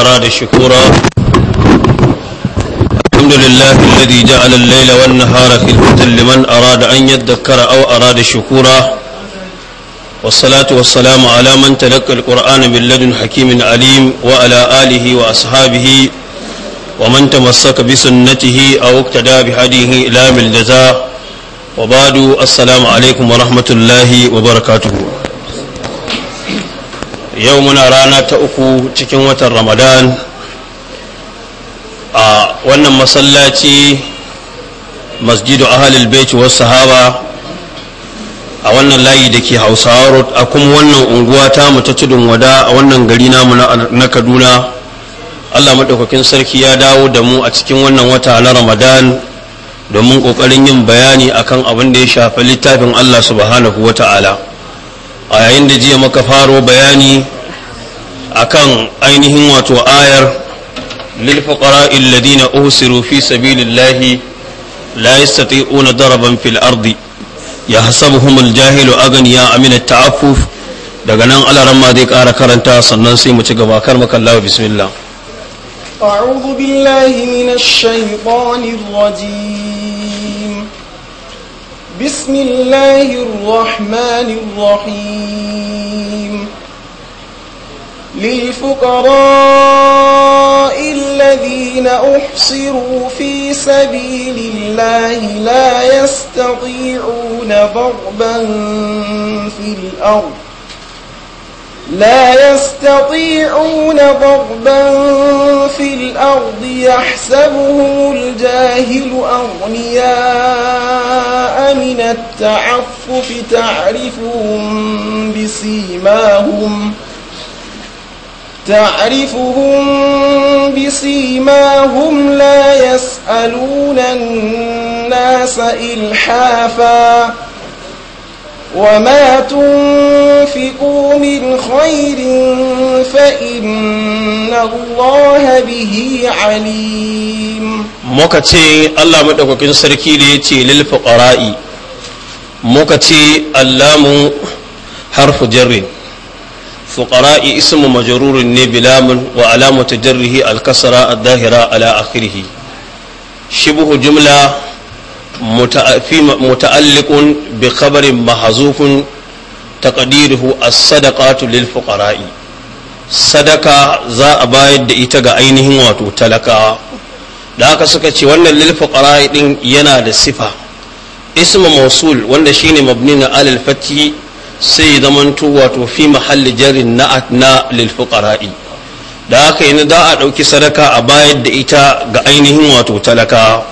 أراد شكورا الحمد لله الذي جعل الليل والنهار خلفة لمن أراد أن يذكر أو أراد شكورا والصلاة والسلام على من تلقى القرآن من لدن حكيم عليم وعلى آله وأصحابه ومن تمسك بسنته أو اقتدى بهديه إلى من الجزاء وبعد السلام عليكم ورحمة الله وبركاته yau muna rana ta uku cikin watan ramadan a wannan masallaci masjidu ahalil beci wasu sahaba a wannan layi da ke hausawa road a kuma wannan unguwa ta mu ta tudun wada a wannan gari namu na kaduna allah maɗaukakin sarki ya dawo da mu a cikin wannan wata na ramadan domin ƙoƙarin yin bayani akan abin da ya shafi littafin allah subhanahu wa ta'ala a yayin da jiya maka faro bayani akan ainihin wato ayar lilfaƙara illadina usiru fi sabilillahi la yastati'una daraban fil ardi ya hasabuhum agani aganiya amina ta'affuf daga nan alaran ma zai ƙara karanta sannan sai mu ci gaba kar makalla wa bismillah أعوذ بالله من الشيطان الرجيم بسم الله الرحمن الرحيم للفقراء الذين أحصروا في سبيل الله لا يستطيعون ضربا في الأرض لا يستطيعون ضربا في الأرض يحسبهم الجاهل أغنياء من التعفف تعرفهم بسيماهم تعرفهم بسيماهم لا يسألون الناس إلحافاً وما تنفقوا من خير فإن الله به عليم muka ce Allah maɗaukakin sarki da ya ce lil fuqara'i muka ce allamu harfu jarri fuqara'i ismu majrurin ne bilamun wa alamatu jarrihi al-kasra ad-dahira ala akhirih shibhu jumla متعلق بخبر محذوف تقديره الصدقات للفقراء صدقة za a bayar da ita ga ainihin wato talakawa da haka suka ce wannan lil fuqara din yana da sifa Isma mausul wanda shine mabni na alal fati sai zamanto wato fi mahalli jarin na na lil fuqara da haka za a ɗauki sadaka a bayar da ita ga ainihin wato talakawa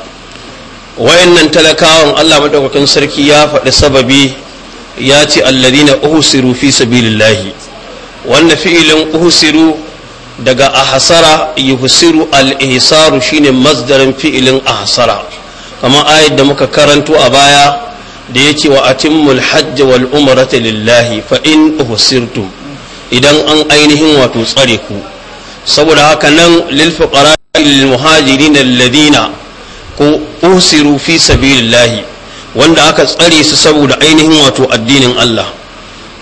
wayannan talakawan Allah madaukakin sarki ya faɗi sababi ya ce alladina uhsiru fi sabilillahi wanda fi'ilin uhsiru daga ahsara yuhsiru al-ihsaru shine masdarin fi'ilin ahsara kamar ayat da muka karanto a baya da yake wa atimmul hajj wal umrata lillahi fa in uhsirtum idan an ainihin wato tsare ku saboda haka nan lil fuqara lil muhajirin alladina ko usiru fi sabilillahi wanda aka tsare su saboda ainihin wato addinin Allah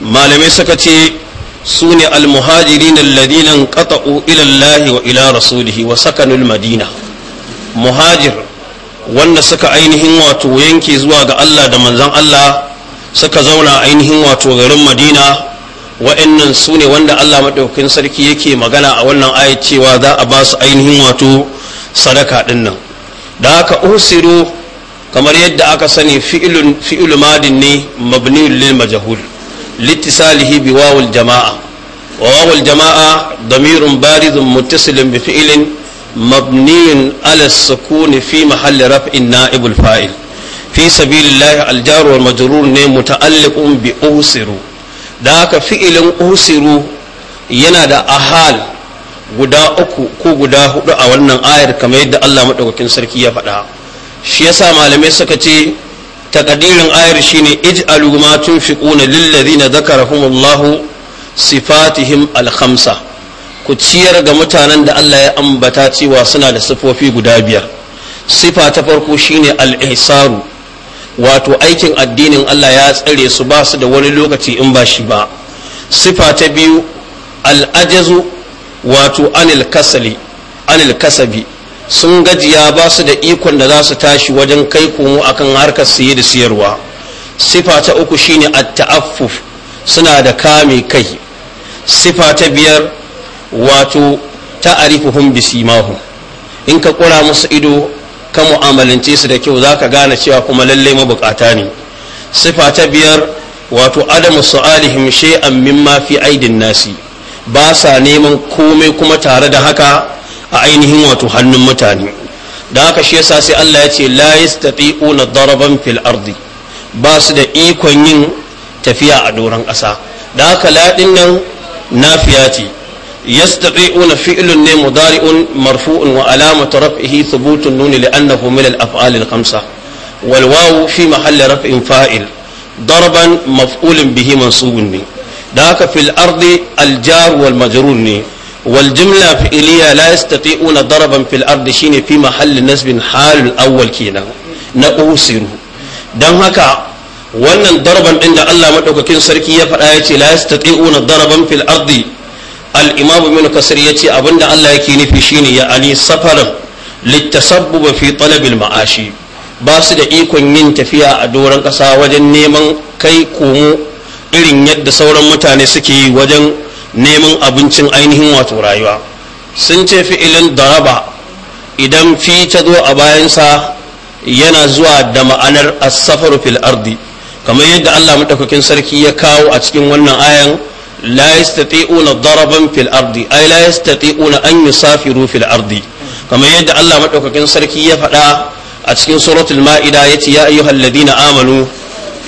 malamai suka ce su ne almuhajirin alladhina qata'u ila Allah wa ila rasulihi wa sakanul madina muhajir wanda suka ainihin wato yanke zuwa ga Allah da manzon Allah suka zauna ainihin wato garin madina wa'annan su ne wanda allah maɗaukin sarki yake magana a wannan ayat cewa za a ba su ainihin wato sadaka ɗinnan. nan da haka usiru kamar yadda aka sani fi'ilun fi'ilu madin ne mabniul lil majhul litisalihi bi wawul jama'a wa wawul jama'a damirun baridun muttasilun bi fi'ilin mabniyun ala sukuni fi mahalli raf'in na'ibul fa'il fi sabilillahi aljaru wal majrur ne muta'alliqun bi usiru da haka fi'ilin usiru yana da ahal guda uku ko guda hudu a wannan ayar kamar yadda Allah madaukakin sarki ya faɗa shi yasa malamai suka ce takadirin ayar shine ij'alu ma tunfiquna lil ladina dhakarahumullahu sifatihim al khamsa ku ciyar ga mutanen da Allah ya ambata cewa suna da sifofi guda biyar sifa ta farko shine al ihsaru wato aikin addinin Allah ya tsare su ba su da wani lokaci in ba shi ba sifa ta biyu al ajazu wato anil kasabi sun gajiya ba su da ikon da za su tashi wajen kai komo akan harkar siye da siyarwa sifa ta uku shine at-ta'affuf suna da kame kai sifa ta biyar wato ta'arifuhum bisimahum in ka kura musu ido ka mu'amalance su da kyau zaka gane cewa kuma lallai mabukata ne sifa ta biyar wato adamu su'alihim shay'an mimma fi aidin nasi ba sa neman komai kuma tare da haka a ainihin wato hannun mutane da haka shi yasa sai Allah ya ce la yastati'una daraban fil ardi ba su da ikon yin tafiya a doron ƙasa da haka ladin nan nafiya ce yastati'una fi'lun ne mudari'un marfu'un wa alamatu raf'ihi thubutun nuni li'annahu min al-af'al al-khamsa wal wawu fi mahalli raf'in fa'il daraban maf'ulun bihi mansubun ne da haka fil ardi aljar wal majrur ne wal jumla fi'liya la yastati'una daraban fil ardi shine fi mahalli nasbin halul awwal kenan na usiru dan haka wannan daraban din da Allah madaukakin sarki ya faɗa yace la yastati'una daraban fil ardi al imam ibn kasir yace abinda Allah yake nufi shine ya ani safaran litasabbuba fi talabil ma'ashi ba su da ikon yin tafiya a doron ƙasa wajen neman kai komo irin yadda sauran mutane suke yi wajen neman abincin ainihin wato rayuwa sun ce fi'ilin daraba idan fi ta zo a bayansa yana zuwa da ma'anar asafaru fil ardi kamar yadda Allah madaukakin sarki ya kawo a cikin wannan ayan la yastati'una daraban fil ardi ay la yastati'una an yusafiru fil ardi kamar yadda Allah madaukakin sarki ya faɗa a cikin suratul ma'ida yace ya ayyuhal amanu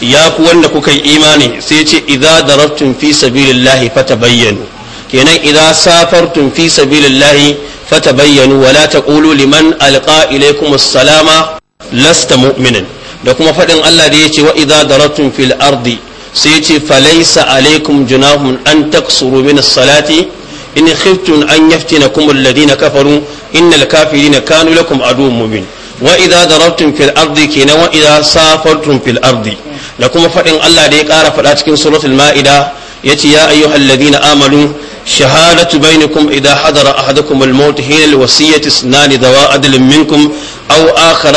ya ku wanda kuka yi imani sai ce idza darabtum fi sabilillahi fatabayyanu kenan idza safartum fi sabilillahi fatabayyanu wa la taqulu liman alqa ilaykum assalama lasta mu'minin da kuma fadin Allah da yace wa idza darabtum fil ardi sai yace falaysa alaykum junahun an taksuru min as-salati in khiftum an yaftinakum alladhina kafaru innal kafirina kanu lakum aduwwun mubin wa'iza idza darabtum fil ardi kina wa idza safartum fil ardi da kuma fadin Allah da ya kara faɗa cikin suratul maida yace ya ayyuhalladhina amanu shahadatu bainakum idan hadara ahadakum al maut hina al na ni dawa adlin minkum akara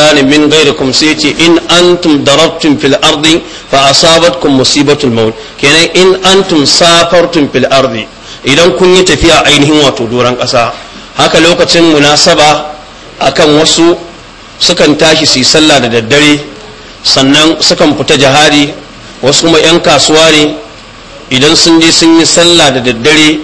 akharan min ghayrikum sai yace in antum darabtum fil ardi fa asabatkum musibatul maut kenan in antum safartun fil ardi idan kun yi tafiya ainihin wato doron ƙasa haka lokacin munasaba akan wasu sukan tashi su yi sallah da daddare sannan sukan fita jihadi wasu kuma 'yan kasuwa ne idan sun je sun yi sallah da daddare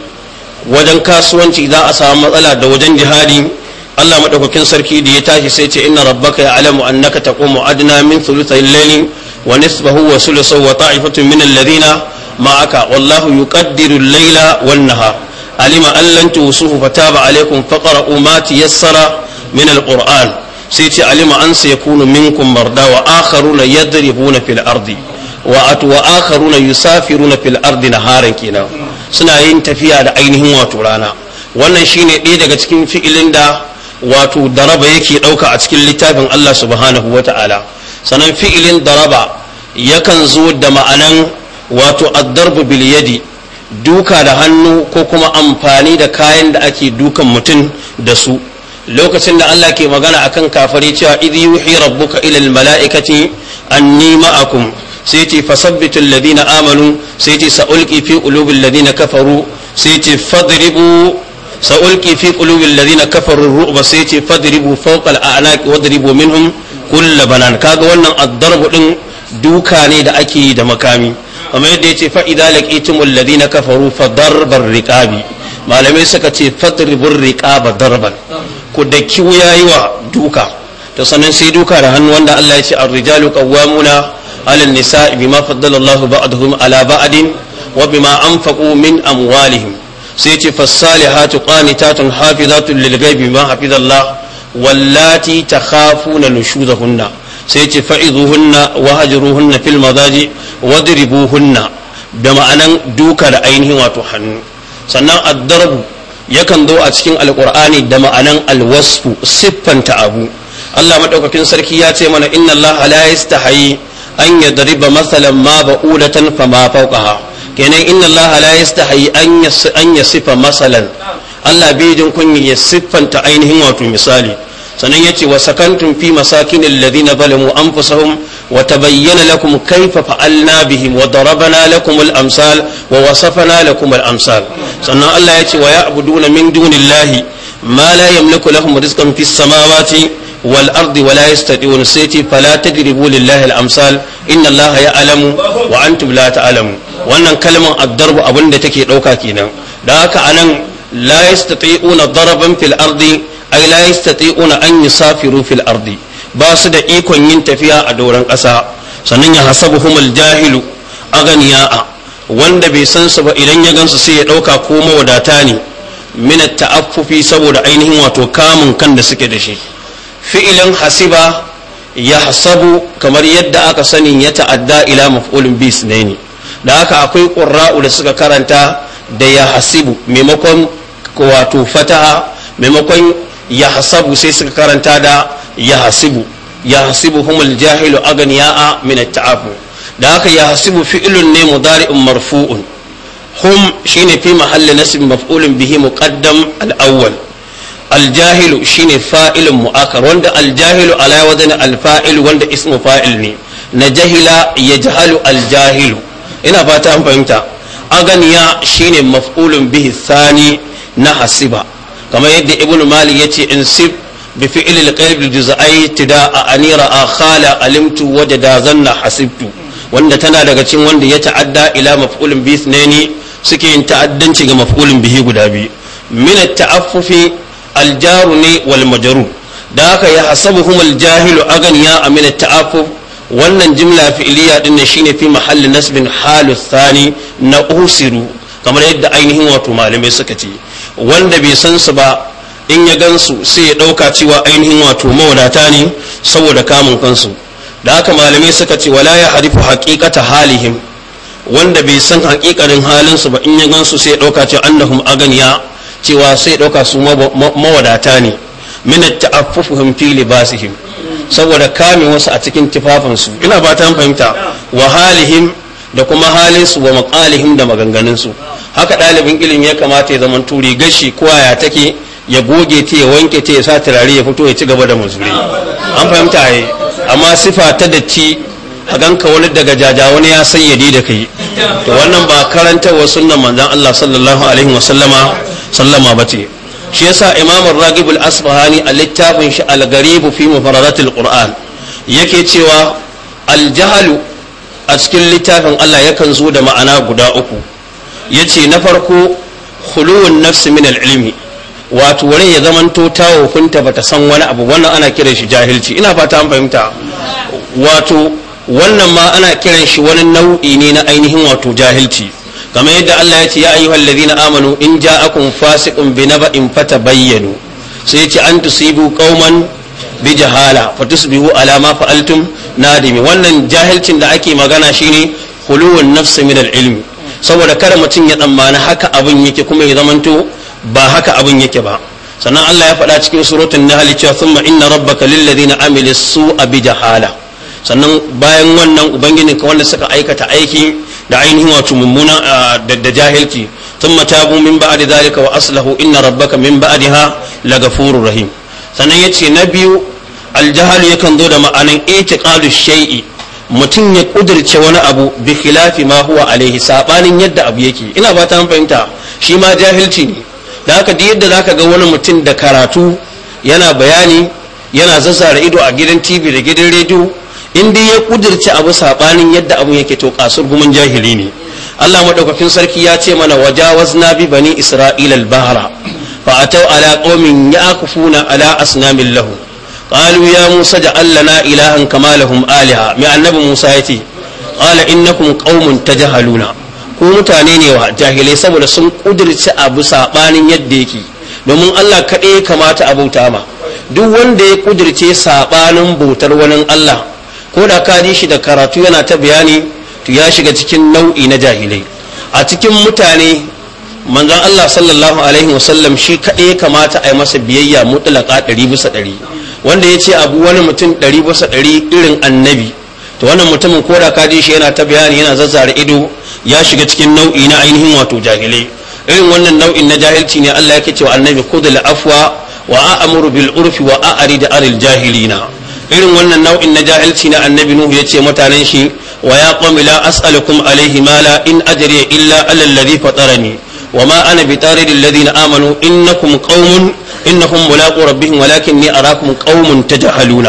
wajen kasuwanci za a samu matsala da wajen jihadi Allah maɗaukakin sarki da ya tashi sai ce inna rabbaka ya alamu annaka taqumu adna min thuluthayil layli wa nisfahu wa sulusahu wa ta'ifatun min alladhina ma'aka wallahu yuqaddiru al-layla wan nahar alima an lan tusufu fataba alaykum faqra'u ma tayassara min al-qur'an sai ce alima an sai kunu minkum marda wa akharuna yadribuna fil ardi wa at wa akharuna yusafiruna fil ardi naharan kenan suna yin tafiya da ainihin wato rana wannan shine ɗaya daga cikin fi'ilin da wato daraba yake ɗauka a cikin littafin Allah subhanahu wa ta'ala sannan fi'ilin daraba yakan zo da ma'anan wato addarbu bil yadi duka da hannu ko kuma amfani da kayan da ake dukan mutum da su lokacin da Allah ke magana akan kafari cewa idh yuhi rabbuka ila almalaikati anni ma'akum sai ce fasabbitu alladhina amanu sai ce sa'ulqi fi qulubi alladhina kafaru sai ce fadribu sa'ulqi fi qulubi alladhina kafaru ru'ba sai ce fadribu fawqa al'anaq wadribu minhum kull banan kaga wannan ad-darbu din duka ne da ake yi da makami kamar yadda yace fa idza laqitumul ladina kafaru fa darbar riqabi malamai suka ce fadribur riqaba darban ku daki wuya yi wa duka ta sannan sai duka da hannu wanda Allah ya ce ar-rijalu qawwamuna 'ala an bima faddala ba'dahum 'ala ba'din wa bima anfaqu min amwalihim sai ya ce fas-salihatu qanitatun hafizatun lil-ghaibi bima hafizallah wallati takhafuna nushuzahunna sai ya ce fa'izuhunna wa hajruhunna fil madaji wadribuhunna da ma'anan duka da ainihin wato hannu sannan ad yakan zo a cikin alkur'ani da ma'anan alwasfu siffanta abu Allah madaukakin sarki ya ce mana inna Allah la yastahi an yadriba masalan ma ba'ulatan fama fawqaha kenan inna Allah la yastahi an yasifa masalan Allah bai jin kunya ya siffanta ainihin wato misali sannan yace wa sakantum fi masakinil ladina zalamu anfusahum wa bayyana lakum kaifafa fa'alna bihim wa darabna lakum al amsal wa wasafna lakum al amsal sannan Allah ce wa ya'buduna min dunillahi ma la yamliku lahum rizqan fis samawati wal ardi wa la yastati'un sayti fala tadribu lillahi al amsal inna Allah alamu wa antum la ta'lamun wannan kalmar addarbu abinda take dauka kenan da haka anan la yastati'una daraban fil ardi ay la yastati'una an yusafiru fil ardi ba su da ikon yin tafiya a doron ƙasa sannan ya hasabuhum al-jahilu aganiya'a wanda bai san su ba idan ya gansu sai ya ɗauka ko mawadata ne min ta'affufi saboda ainihin wato kamun kan da suke da shi fi'ilin hasiba ya hasabu kamar yadda aka sani ya ta'adda ila maf'ulun bis ne ne da haka akwai ƙura'u da suka karanta da ya hasibu maimakon wato fataha maimakon ya hasabu sai suka karanta da ya hasibu ya hasibu humul jahilu aganiya'a min ta'afu da haka ya hasibu fi'ilun ne mudari'un marfu'un hum shine fi mahalli nasb maf'ulun bihi muqaddam al-awwal al-jahilu shine fa'ilun mu'akkar wanda al-jahilu ala al-fa'il wanda ismu fa'il ne na jahila yajhalu al-jahilu ina fata an fahimta aganiya shine maf'ulun bihi thani na hasiba kamar yadda ibnu ya ce in sif bi fi'l al-qalb juz'ai a anira a khala alimtu wajada zanna hasibtu wanda tana daga cikin wanda ya ta'adda ila maf'ulin bi ne suke yin ta'addanci ga maf'ulin bihi guda biyu min at-ta'affufi al-jaru ne wal majrur da haka ya hasabuhum al-jahilu aganiya a min at-ta'affuf wannan jimla fi'liya din ne shine fi mahalli nasbin halu thani na usiru kamar yadda ainihin wato malamai suka ce wanda bai san su ba in ya gansu sai ya ɗauka cewa ainihin wato mawadata ne saboda kamun kansu da haka malamai suka ce wala ya harifu haƙiƙata halihim wanda bai san halin halinsu ba in ya gansu sai ya ɗauka cewa annahum aganiya cewa sai ya ɗauka su mawadata ne min ta'affufuhum fi libasihim saboda kame wasu a cikin su ina ba ta fahimta wa halihim da kuma halinsu wa maqalihim da maganganun su. haka ɗalibin ilimi ya kamata ya zama turi gashi ko ya take ya goge ta ya wanke ta ya sa turare ya fito ya ci gaba da mazuri an fahimta yi amma sifa ta datti a ganka wani daga jaja wani ya san yadi da kai to wannan ba karantarwa sunnan manzon Allah sallallahu alaihi wa sallama sallama bace shi yasa imam ragib al-asbahani a littafin shi al-garib fi mufaradat al-qur'an yake cewa al-jahlu a cikin littafin Allah yakan zo da ma'ana guda uku yace na farko khuluwun nafsi min ilmi wato wurin ya zamanto ta hukunta bata san wani abu wannan ana kiran shi jahilci ina fata an fahimta wato wannan ma ana kiran shi wani nau'i ne na ainihin wato jahilci kamar yadda Allah ya ce ya ayyuhal ladina amanu in ja'akum fasiqun bi naba'in fatabayyanu sai ya ce an tusibu qauman bi jahala fatusbihu ala ma fa'altum nadimi wannan jahilcin da ake magana shine khuluwun nafsi min al-ilmi saboda kada mutum ya tsammani haka abin yake kuma ya zamanto ba haka abin yake ba sannan Allah ya faɗa cikin suratul nahl cewa thumma inna rabbaka lilladhina amilu a bi jahala sannan bayan wannan ubangijin ka wanda suka aikata aiki da ainihin wato mummuna da jahilci thumma tabu min ba'di dhalika wa aslahu inna rabbaka min ba'daha lagafurur rahim sannan yace na biyu aljahalu yakan zo da ma'anin itiqadu shay'i mutum ya kudirce wani abu bi khilafi ma huwa alaihi sabanin yadda abu yake ina ba ta fahimta shi ma jahilci ne da haka duk yadda zaka ga wani mutum da karatu yana bayani yana zazzara ido a gidan tv da gidan rediyo in dai ya kudirce abu saɓanin yadda abu yake to kasur gumin jahili ne Allah madaukakin sarki ya ce mana wajawazna bi bani isra'ila al-bahra fa ataw ala qaumin yakufuna ala asnamin lahum qalu ya musa ja'al lana ilahan kama lahum aliha mai annabi musa yace qala innakum qaumun tajhaluna ku mutane ne wa jahilai saboda sun kudirce abu yadda yake domin Allah kaɗai ya kamata a bauta ma duk wanda ya kudirce sabanin bautar wani Allah ko da ka ji shi da karatu yana ta bayani to ya shiga cikin nau'i na jahilai a cikin mutane manzon Allah sallallahu alaihi wasallam shi kaɗai ya kamata a yi masa biyayya mutlaka ɗari bisa ɗari wanda ya ce abu wani mutum ɗari bisa ɗari irin annabi to wannan mutumin ko da kaji shi yana ta bayani yana zazzara ido ya shiga cikin nau'i na ainihin wato jahilai irin wannan nau'in na jahilci ne Allah yake cewa annabi khudul afwa wa a'muru bil urfi wa a'rid jahili jahilina irin wannan nau'in na jahilci na annabi nuhu ya ce mutanen shi wa ya qami la as'alukum alaihi mala in ajriya illa alal ladhi fatarani وما أنا بطارد الذين آمنوا إنكم قوم إنهم ملاقو ربهم ولكني أراكم قوم تجهلون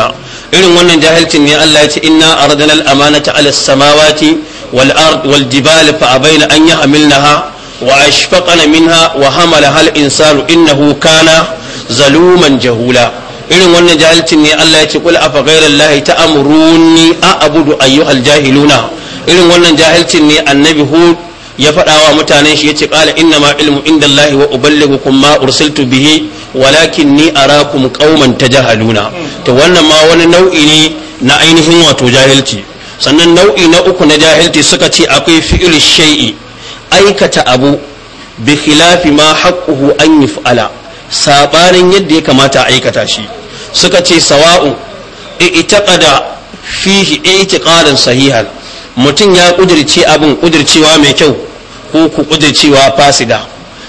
irin wannan jahilcin ne Allah ya ce inna aradana al-amanata ala samawati wal ard wal jibal fa abaina an yahmilnaha wa ashfaqana minha wa hamala hal insanu innahu kana zaluman jahula irin wannan jahilcin ne Allah ya ce kul afa ta ta'muruni a abudu ayyuhal jahiluna irin wannan jahilcin ne annabi hud ya faɗa wa mutanen shi ce qala inna ma ilmu inda Allah wa uballighukum ma ursiltu bihi walakin ni arakum qauman tajahaluna to wannan ma wani nau'i ne na ainihin wato jahilci sannan nau'i na uku na jahilci suka ce akwai fi'il shay'i aikata abu bi khilafi ma haqquhu an yuf'ala saɓanin yadda ya kamata aikata shi suka ce sawa'u i'taqada fihi i'tiqadan sahihan mutum ya kudirce abin kudircewa mai kyau ko ku cewa fasida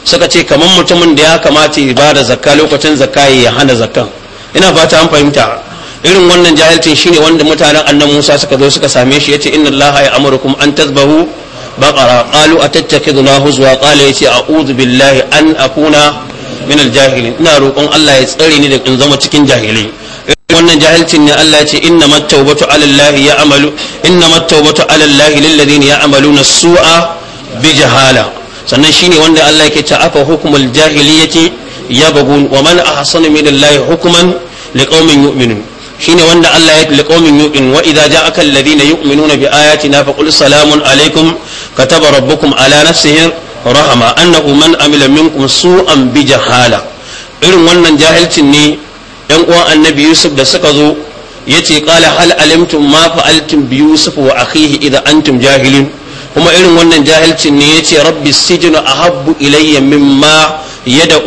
suka ce kamar mutumin da ya kamata ya bada zakka lokacin zakka ya hana zakkan ina fata an fahimta irin wannan jahilcin shine wanda mutanen annan Musa suka zo suka same shi yace inna Allah ya amurukum an tazbahu baqara qalu atattakhiduna huzwa qala yace a'udhu billahi an akuna min jahilin ina roƙon Allah ya tsare ni da in zama cikin jahilai wannan jahilcin ne Allah ya ce inna mattaubatu ala Allah ya amalu inna mattaubatu ala Allah lil ladina ya'maluna su'a bi jahala sannan shine wanda Allah yake ta afa hukumul jahiliyyati yabghun wa man ahsanu min Allah hukuman liqaumin yu'minun shine wanda Allah ya liqaumin yu'min wa idza ja'aka alladhina yu'minuna bi ayatina faqul salamun alaykum kataba rabbukum ala nafsihi rahama annahu man amila minkum su'an bi jahala irin wannan jahilcin ne yan uwan annabi yusuf da suka zo yace qala hal alimtum ma fa'altum bi yusuf wa akhihi idza antum jahilin kuma irin wannan jahilcin ne ya ce rabbi a habbu ilayya mimma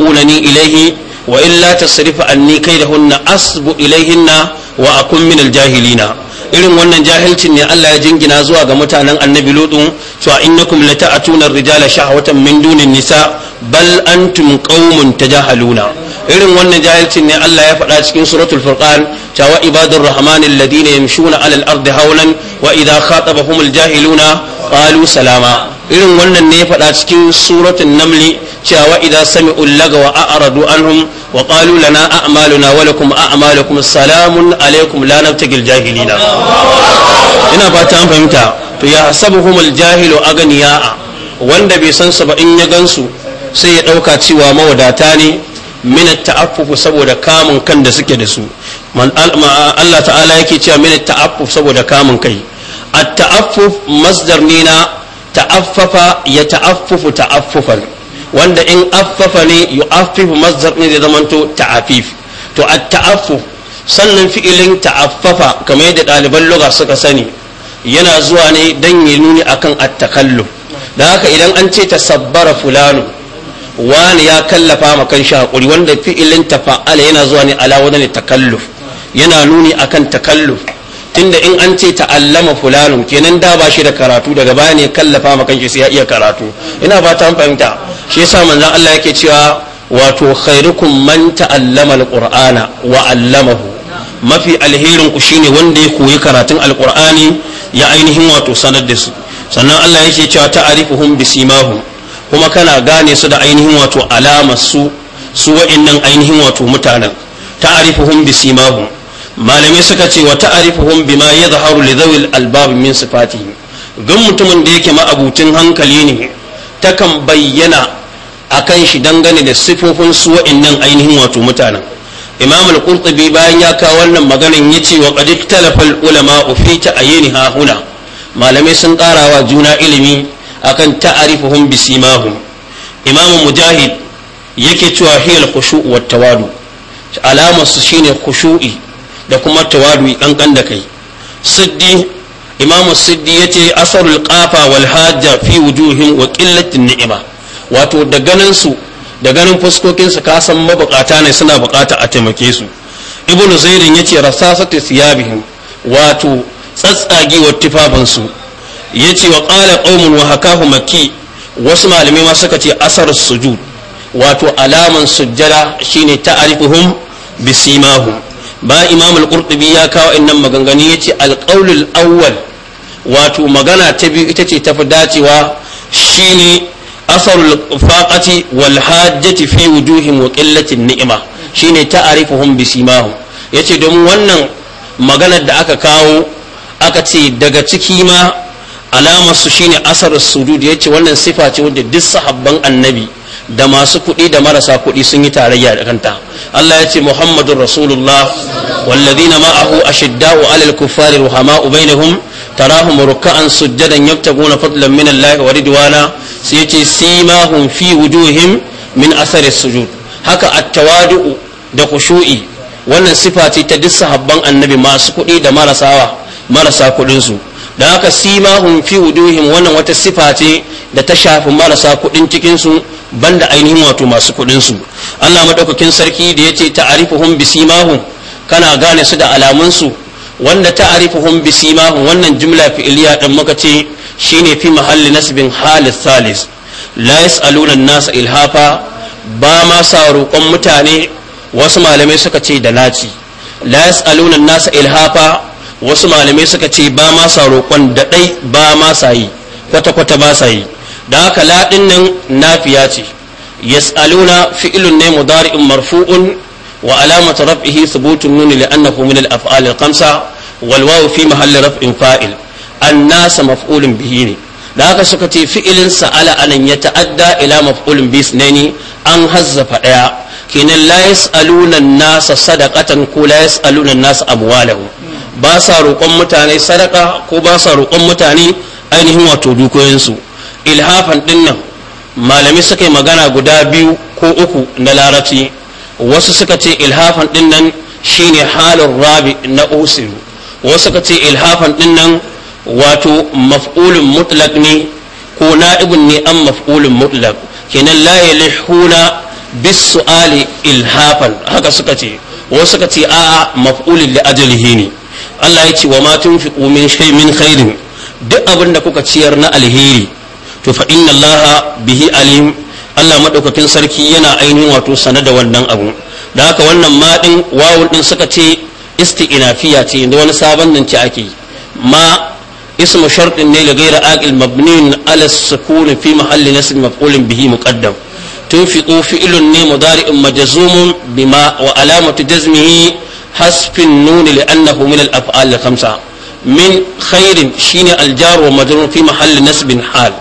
unani ilaihi wa illa tasrif anni hunna asbu ilayhinna wa a minal jahilina irin wannan jahilcin ne Allah ya jingina zuwa ga mutanen annabi lutu cewa innakum lata'atuna ar-rijala shahwatan min dunin nisa bal antum qaumun tajahaluna irin wannan jahilcin ne Allah ya faɗa cikin suratul furqan cewa ibadur rahman alladhina yamshuna alal ardi hawlan wa idha khatabahum jahiluna qalu salama irin wannan ne ya faɗa cikin suratul namli cewa idza sami'u lagawa a'radu anhum wa qalu lana a'maluna wa lakum a'malukum salamun alaykum la nabtagil jahilina ina fata an fahimta to ya hasabuhum aljahilu aganiya wanda bai san su ba in ya gansu sai ya ɗauka cewa mawadata ne minat ta'affuf saboda kamun kan da suke da su Allah ta'ala yake cewa minat ta'affuf saboda kamun kai at ta'affuf masdar ne na ta'affafa ya ta'affufu ta'affufan wanda in affafa ne yu'affifu masdar ne da zamanto ta'afif to at ta'affuf sannan fi'ilin ta'affafa kamar yadda ɗaliban lugha suka sani yana zuwa ne dan ya nuni akan at-takallum da haka idan an ce ta sabbara fulanu wani ya kallafa ma kanshi hakuri wanda fi'ilin tafa'ala yana zuwa ne ala wadani takalluf yana nuni akan takalluf tunda in an ce ta'allama fulanun kenan da ba shi da karatu daga baya ne kallafa ma kanshi sai ya iya karatu ina fata an fahimta shi yasa manzon Allah yake cewa wato khairukum man ta'allama alqur'ana wa 'allamahu mafi alherin ku shine wanda ya koyi karatun alqur'ani ya ainihin wato sanar da su sannan Allah yake cewa ta'arifuhum bisimahum kuma kana gane su da ainihin wato alamar su su wa'annan ainihin wato mutanen ta'arifuhum bi simahum malamai suka ce wa ta'arifuhum bima yadhharu li dhawil albab min sifatihi gan mutumin da yake ma'abucin hankali ne takan bayyana akan shi dangane da sifofin su wa'annan ainihin wato mutanen imam al-qurtubi bayan ya kawo wannan maganin yace wa qad ikhtalafa al-ulama fi ta'yiniha huna malamai sun karawa juna ilimi akan ta'arifuhum bisimahum imamu mujahid yake cewa al khushu' wat tawadu alama su shine khushu'i da kuma tawadu kankan da kai siddi imamu siddi yace asarul qafa wal hajja fi wujuhim wa qillatin ni'ima wato da ganin su da ganin fuskokin su ka san mabukata ne suna bukata a taimake su ibnu zairin yace rasasatu siyabihim wato tsatsagewar tufafinsu yace wa ƙala qaumun wa hakahu makki wasu malamai ma suka ce asar sujud wato alaman sujjada shine bi simahu ba imam al-qurtubi ya kawo innan maganganu ya ce qaulul awwal wato magana ta biyu ita ce tafi dacewa shine asar faƙati wal hajjati fi wujuhim wa qillati ni'ma shine ta'rifuhum bisimahum yace domin wannan maganar da aka kawo aka ce daga ciki ma alamar su shine asarar sujud yace wannan siface ce wanda duk sahabban annabi da masu kuɗi da marasa kuɗi sun yi tarayya da kanta Allah ya ce Muhammadur Rasulullah walladhina ma'ahu ashiddau 'ala al-kuffari ruhama'u bainahum tarahum ruk'an sujadan yabtaguna fadlan min Allah wa ridwana sai yace simahum fi wujuhim min asari sujud haka at-tawadu da khushu'i wannan siface ta duk sahabban annabi masu kuɗi da marasa marasa kuɗinsu da haka hun fi wuduhin wannan wata sifa ce da ta shafi marasa kuɗin cikin su banda ainihin wato masu kuɗin su Allah madaukakin sarki da yace ta'arifuhum bi simahum kana gane su da alamun su wanda ta'arifuhum bi simahum wannan jumla fi'liya dan muka ce shine fi mahalli nasbin halis salis la yas'aluna an-nasa ilhafa ba ma sa roƙon mutane wasu malamai suka ce da naci la yas'aluna an-nasa ilhafa wasu malamai suka ce ba ma sa roƙon da ɗai ba ma sa yi kwata-kwata ba sa yi da haka laɗin nan nafiya ce yas'aluna fi'ilun ne mudari'un marfu'un wa alamatu raf'ihi thubutun nuna li'annahu min al-af'al al-khamsa wal wawu fi mahalli raf'in fa'il an-nas maf'ulun bihi ne da haka suka ce fi'ilin sa'ala anan ya ta'adda ila maf'ulun bi ne an hazzafa daya kenan la yas'aluna an-nasa sadaqatan ko la yas'aluna an-nasa amwalahum ba sa roƙon mutane sadaka ko ba sa roƙon mutane ainihin wato dukoyinsu ilhafan dinnan malami suka yi magana guda biyu ko uku na larabci wasu suka ce ilhafan dinnan shine halin rabi na usiru wasu suka ce ilhafan dinnan wato maf'ulun mutlak ne ko na'ibun ne an maf'ulun mutlak kenan la yalihuna bis ali ilhafan haka suka ce wasu suka ce a'a maf'ulun li ajlihi ne Allah ya ce wa ma tunfiqu min shay'in min khairin duk abin da kuka ciyar na alheri to fa inna Allah bihi alim Allah madaukakin sarki yana ainihin wato sana da wannan abu da haka wannan ma din wawul din suka ce isti'nafiya ce da wani sabon nan ce ake ma ismu shartin ne li gaira aqil mabnin ala sukun fi mahalli nasb maf'ulin bihi muqaddam tunfiqu fi'lun ne mudari'un majzumun bima wa alamatu jazmihi hasfin nuni li'annahu min al-af'al al-khamsa min khairin shine al-jar wa majrur fi mahalli nasbin hal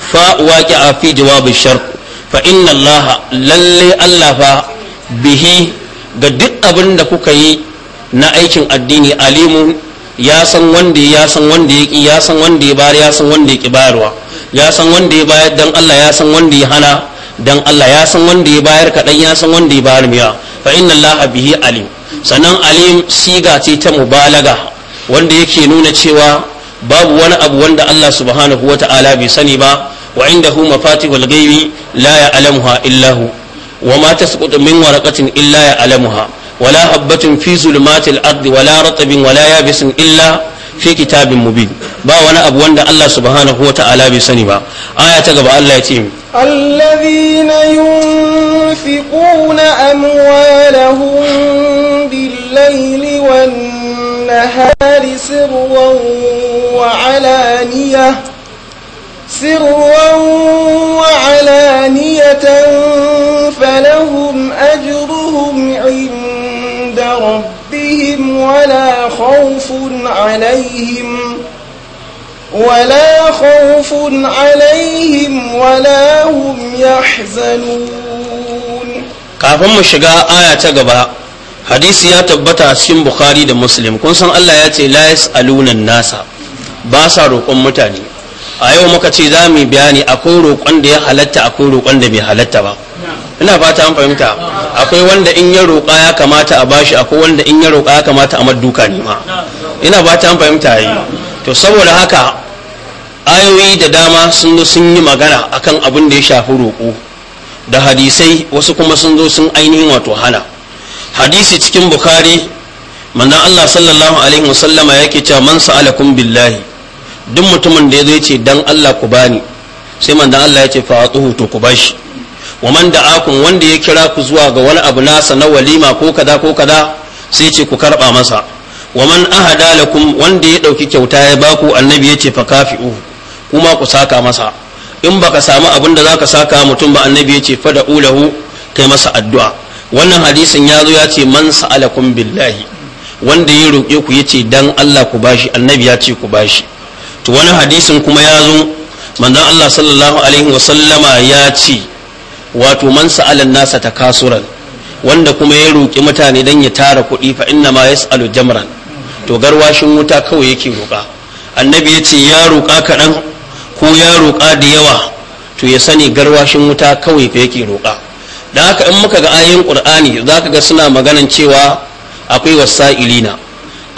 fa waqi'a fi jawab ash fa inna allaha lalle allah fa bihi ga duk abinda kuka yi na aikin addini alimun ya san wanda ya san wanda ya ki ya san wanda ya bayar ya san wanda ya ki bayarwa ya san wanda ya bayar dan Allah ya san wanda ya hana dan Allah ya san wanda ya bayar kaɗan ya san wanda ya miya fa inna Allah bihi ali. sannan alim siga ce ta mubalaga wanda yake nuna cewa babu wani abu wanda Allah subhanahu wa ta'ala bai sani ba wa indahu mafatihul ghaibi la ya'lamuha illa hu wa ma tasqutu min waraqatin illa ya'lamuha wala habatin fi zulumatil ardi wala ratbin wala yabisin illa fi mu bi ba wani abu wanda Allah subhanahu wa ta'ala bai sani ba aya ta gaba Allah ya ce alladhina yunfiquna amwalahum bil-layli wan-nahari sirran wa سرا وعلانية فلهم أجرهم عند ربهم بهم ولا خوف عليهم ولا خوف عليهم ولا هم يحزنون kafin mu shiga aya ta gaba hadisi ya tabbata cikin bukhari da muslim kun san Allah ya ce la yas'alunan nasa ba sa roƙon mutane a yau muka ce za mu bayani akwai roƙon da ya halatta akwai roƙon da bai halatta ba ina fata an fahimta akwai wanda in ya roƙa ya kamata a bashi akwai wanda in ya roƙa ya kamata a madduka ne ma ina fata an fahimta yi to saboda haka ayoyi da dama sun zo sun yi magana akan abin da ya shafi roƙo da hadisai wasu kuma sun zo sun ainihin wato hana hadisi cikin bukhari manzon Allah sallallahu alaihi wasallama yake cewa man sa'alakum billahi duk mutumin da ya zo ya ce dan Allah ku bani sai manzon Allah ya ce fa'atuhu to ku bashi wa man da'akum wanda ya kira ku zuwa ga wani abu nasa na walima ko kaza ko kaza sai ce ku karba masa wa man ahada lakum wanda ya dauki kyauta ya baku annabi ya ce fa kafi'u kuma ku saka masa in baka samu abin da zaka saka mutum ba annabi ya ce fa da ulahu kai masa addu'a wannan hadisin ya zo ya ce man sa'alakum billahi wanda ya roƙe ku yace dan Allah ku bashi annabi ya ce ku bashi to wani hadisin kuma ya zo manzon Allah sallallahu alaihi wa sallama ya ce wato man sa'alan nasa ta takasuran wanda kuma ya roki mutane dan ya tara kuɗi fa inna ma yas'alu jamran to garwashin wuta kawai yake roka annabi ya ce ya roka kaɗan ko ya roka da yawa to ya sani garwashin wuta kawai fa yake roka dan haka in muka ga ayoyin qur'ani zaka ga suna maganan cewa akwai wasa'ilina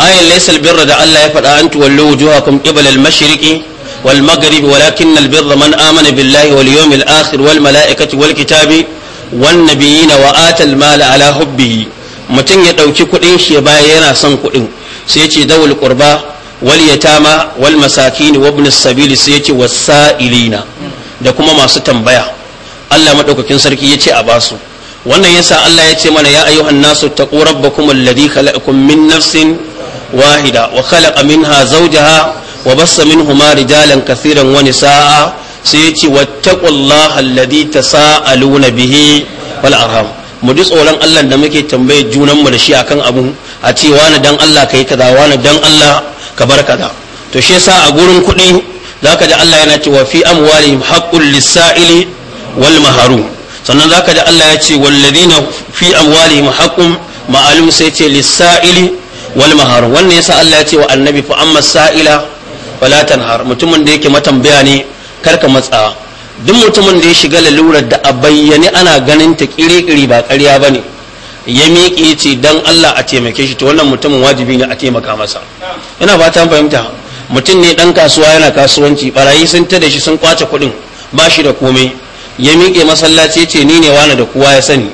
ayan laysal birra da Allah ya faɗa an tuwallu wujuhakum qibla al-mashriqi والمغرب ولكن البر من آمن بالله واليوم الآخر والملائكة والكتاب والنبيين وآت المال على حبه متن يدوكي كدين شي باينا سن كدين سيتي ذو القربى واليتامى والمساكين وابن السبيل سيتي والسائلين da kuma masu tambaya Allah madaukakin sarki yace a basu wannan yasa Allah yace mana ya ayyuhan nasu taqu rabbakum alladhi khalaqakum min nafsin wahida wa khalaqa minha zawjaha wa bassa minhuma rijalan kathiran wa nisaa sai ya ce wattaqullaha alladhi tasaaluna bihi wal arham mu ji tsoron Allah da muke tambaye junan mu da shi akan abu a ce wani dan Allah kai kaza wani dan Allah ka bar kaza to shi yasa a gurin kuɗi zaka ji Allah yana cewa fi amwalihim haqqul lis-sa'ili wal maharu sannan zaka ji Allah ya ce walladhina fi amwalihim haqqun ma'alum sai ce lis-sa'ili wal maharu wannan yasa Allah ya ce wa annabi fa amma sa'ila wala tanhar mutumin da yake matambaya ne karka matsa duk mutumin da ya shiga lalurar da a bayyane ana ganin ta kiri-kiri ba ƙarya ba ne ya miƙe ce don Allah a taimake shi to wannan mutumin wajibi ne a taimaka masa yana ba ta fahimta mutum ne dan kasuwa yana kasuwanci barayi sun ta da shi sun kwace kuɗin ba shi da komai ya miƙe masallaci ce ni ne wani da kowa ya sani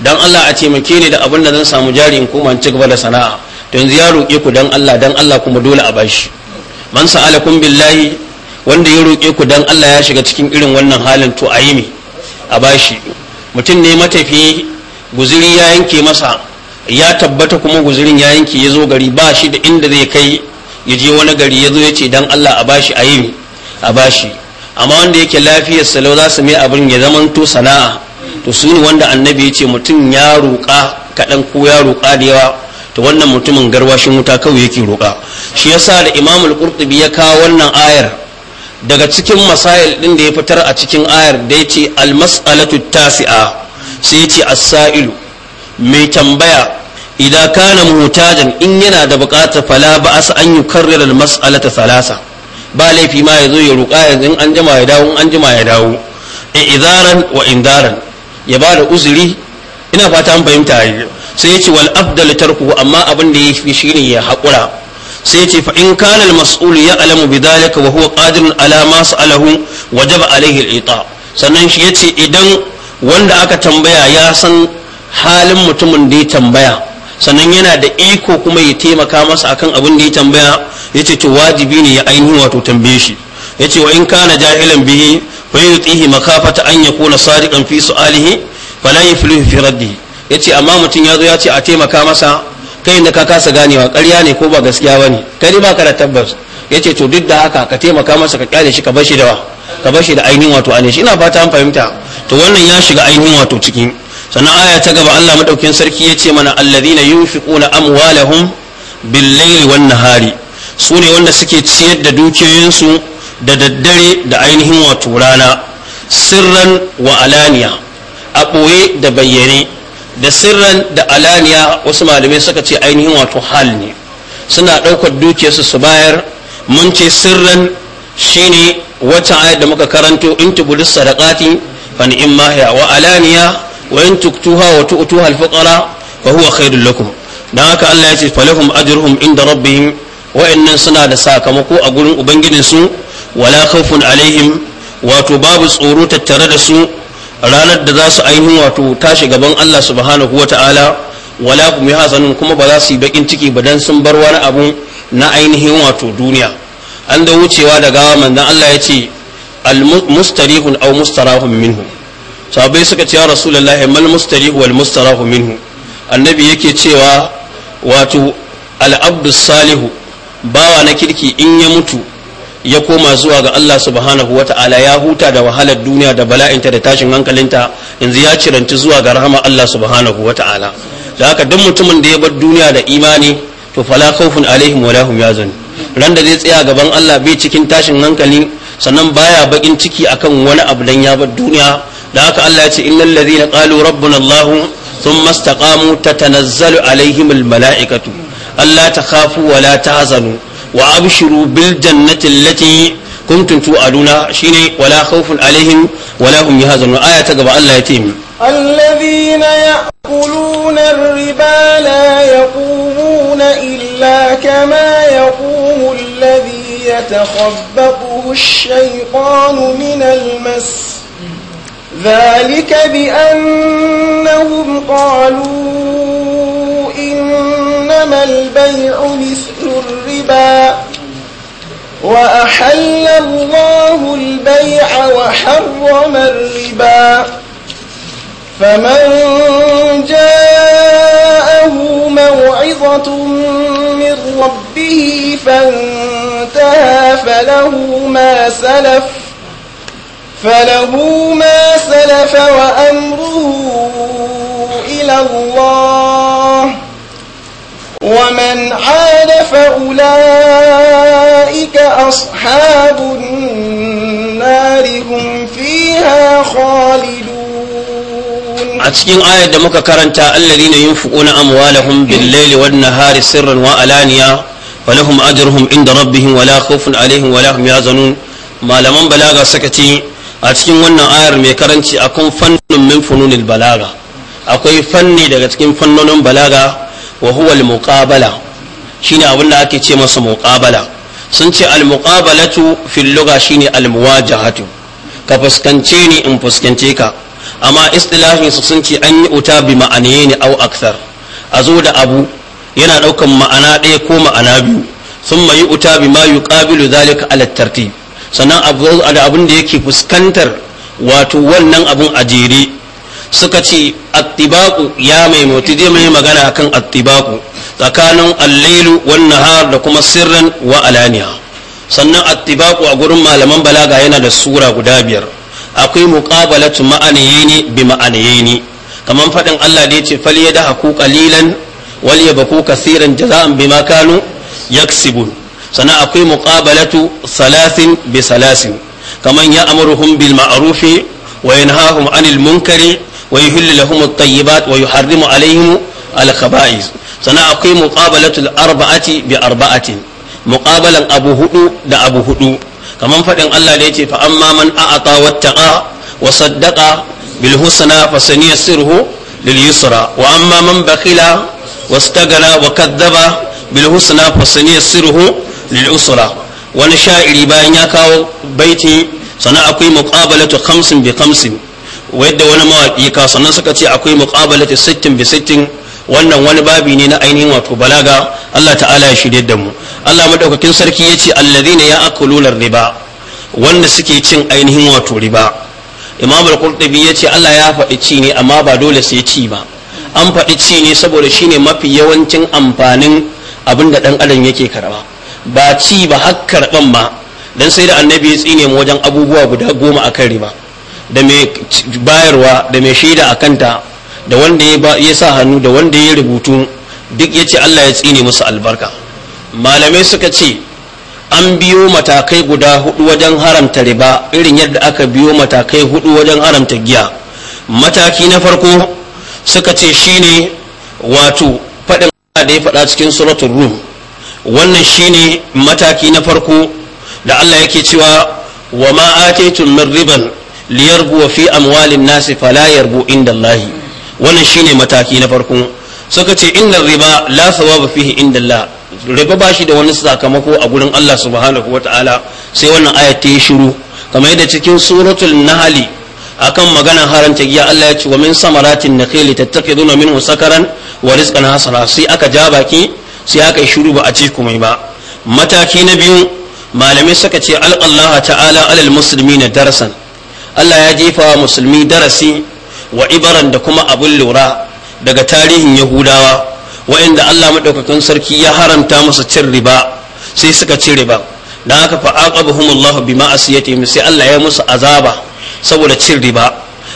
don Allah a taimake ni da abin da zan samu jari in koma in ci gaba da sana'a to yanzu ya roƙe ku don Allah don Allah kuma dole a bashi man sa'alakum billahi wanda ya roƙe ku dan Allah ya shiga cikin irin wannan halin to a yi mi a bashi mutum ne matafi guziri ya yanke masa ya tabbata kuma guzirin ya yanke ya zo gari ba shi da inda zai kai ya je wani gari ya zo ya ce dan Allah a bashi a yi mi a bashi amma wanda yake lafiyar salo za su mai abin ya zamanto sana'a to su ne wanda annabi ya ce mutum ya roƙa kaɗan ko ya roƙa da yawa to wannan mutumin garwashin wuta kawai yake roƙa shi yasa da imamul qurtubi ya kawo wannan ayar daga cikin masail ɗin da ya fitar a cikin ayar da yace al mas'alatu tasi'a sai yace as-sa'ilu mai tambaya idan kana mutajan in yana da buƙatar fala ba asa an yukarrir al mas'alata salasa ba laifi ma yazo ya roƙa yanzu an jima ya dawo an jima ya dawo idaran wa indaran ya ba da uzuri ina fata an fahimta sai ya ce wal afdal tarkuhu amma abin da ya fi shine ya haƙura sai ya ce fa in kana al mas'ul ya alamu bidhalika wa huwa qadirun ala ma sa'alahu wajaba alaihi al ita sannan shi yace idan wanda aka tambaya ya san halin mutumin da ya tambaya sannan yana da iko kuma ya taimaka masa akan abin da ya tambaya yace to wajibi ne ya ainihi wato tambaye shi yace wa in kana jahilan bihi fa yutihi makafata an yakuna sadiqan fi su'alihi fala yuflihu fi raddihi ya ce amma mutum ya zo ya ce a taimaka masa kai da ka kasa ganewa karya ne ko ba gaskiya ba ne kai ba ka da tabbas ya ce to duk da haka ka taimaka masa ka kyale shi ka bashi da ka bashi da ainihin wato a shi ina fata an fahimta to wannan ya shiga ainihin wato ciki sannan aya ta gaba Allah madaukin sarki ya ce mana na yunfiquna amwalahum bil-layli wan-nahari su ne wanda suke ciyar da dukiyoyinsu da daddare da ainihin wato rana sirran wa alaniya a ɓoye da bayyane da sirran da alaniya wasu malamai suka ce ainihin wato hal ne suna ɗaukar dukiyarsu su bayar mun ce sirran shine waccan ayar da muka karanto in tubudu sadaqati fa ni'ma ya wa alaniya wa in tuktuha wa tu'tuha al-fuqara fa huwa khairul lakum dan haka Allah ya ce falahum ajruhum inda rabbihim wa'annan suna da sakamako a gurin ubangijinsu wala khawfun alaihim wato babu tsoro tattare da su ranar da za su ainihin wato tashi gaban Allah subhanahu wata'ala wala kuma hasanun kuma ba za su yi bakin ciki ba dan sun bar wani abu na ainihin wato duniya an da wucewa da gawa manzon Allah ya ce al mustarihun aw mustarahun minhu sahabbai suka ce ya rasulullahi mal mustarihu wal mustarahu minhu annabi yake cewa wato al abdus salihu bawa na kirki in ya mutu ya koma zuwa ga Allah subhanahu wa ta'ala ya huta da wahalar duniya da bala'inta da tashin hankalinta yanzu ya ciranci zuwa ga rahama Allah subhanahu wa ta'ala da haka duk mutumin da ya bar duniya da imani to fala khawfun alaihim wala hum yazun ran da zai tsaya gaban Allah bai cikin tashin hankali sannan baya bakin ciki akan wani abu dan ya bar duniya da haka Allah ya ce innal ladhina qalu rabbuna Allah thumma istaqamu tatanazzalu alaihim almalaikatu alla takhafu wala tahzanu وأبشروا بالجنة التي كنتم توعدون شيني ولا خوف عليهم ولا هم يهزمون آية تقبع الله يتيم الذين يأكلون الربا لا يقومون إلا كما يقوم الذي يتخبطه الشيطان من المس ذلك بأنهم قالوا إن إنما البيع مثل الربا وأحل الله البيع وحرم الربا فمن جاءه موعظة من ربه فانتهى فله ما سلف فله ما سلف وأمره إلى الله ومن عاد فأولئك أصحاب النار هم فيها خالدون أتسكين آية دمك كرنتا الذين ينفقون أموالهم بالليل والنهار سرا وألانيا ولهم أجرهم عند ربهم ولا خوف عليهم ولا هم يحزنون ما لمن بلاغ سكتي أتسكين وانا آية ميكرنتي أكون فن من فنون البلاغة أكون فني دقتكين فنون بلاغة wa huwa al-muqabala shine abin da ake ce masa muqabala sun ce al-muqabalatu fil lugha shine al-muwajahatu ka fuskance ni in fuskance ka amma istilahin su sun ce an yi uta bi ma'anaye ne au aksar a zo da abu yana daukan ma'ana ɗaya ko ma'ana biyu sun mai uta bi ma yuqabilu zalika ala tartib sannan abu da abin da yake fuskantar wato wannan abun a jere suka ce attibaku ya mai moti mai magana akan attibaku tsakanin allailu wan nahar da kuma sirran wa alaniya sannan attibaku a gurin malaman balaga yana da sura guda biyar akwai muqabalatu ma'aniyaini bi ma'aniyaini kaman fadin Allah da yace falyada haku qalilan wal yabku kaseeran jazaan bima kanu yaksibun sannan akwai muqabalatu salasin bi salasin kaman ya amuruhum bil ma'rufi wa yanhahum anil munkari wa yuhillu lahum at-tayyibat wa yuharrimu alaihim al-khaba'is sana akwai muqabalatul arba'ati bi arba'atin muqabalan abu hudu da abu hudu kaman fadin Allah da yace fa amma man a'ata wattaqa wa saddaqa bil fa saniyasiruhu lil yusra wa amma man bakhila wastagana wa usra wani sha'iri bayan ya kawo baiti sana akwai khamsin bi wa yadda wani mawaƙi ka suka ce akwai muƙabalata sittin bi sittin wannan wani babi ne na ainihin wato balaga Allah ta'ala ya shirye da mu Allah madaukakin sarki ya ce alladhina ya'kuluna riba wanda suke cin ainihin wato riba Imam al-Qurtubi ya ce Allah ya faɗi ci ne amma ba dole sai ci ba an faɗi ci ne saboda shine mafi yawancin amfanin abinda da dan adam yake karba ba ci ba har karban ba dan sai da annabi ya tsine mu wajen abubuwa guda goma akan riba da mai bayarwa da mai shaida a kanta da wanda ya sa hannu da wanda ya rubutu duk ya ce Allah ya tsine musu albarka malamai suka ce an biyo matakai guda hudu wajen haramta riba irin yadda aka biyo matakai hudu wajen haramta giya mataki na farko suka ce shine wato faɗin da ya faɗa cikin suratul rum wannan shine mataki na farko da Allah yake cewa wa ma min riban liyarbu fi amwalin nasi fala yarbu inda Allah wannan shine mataki na farko suka ce inna riba la thawaba fihi inda Allah riba ba shi da wani sakamako a gurin Allah subhanahu ta'ala sai wannan aya ta yi shiru kamar yadda cikin suratul nahli akan maganar haranta giya Allah ya ce wa min samaratin nakhili tattaqiduna minhu sakaran wa rizqan hasana sai aka ja baki sai aka yi shiru ba a ci komai ba mataki na biyu malamai suka ce alqallaha ta'ala alal muslimina darasan Allah ya jefa wa musulmi darasi wa ibaran da kuma abin lura daga tarihin yahudawa wa'inda Allah maɗaukakin sarki ya haramta musu cin riba sai suka ci riba dan haka fa Allah bi ma'asiyatihim sai Allah ya musu azaba saboda cin riba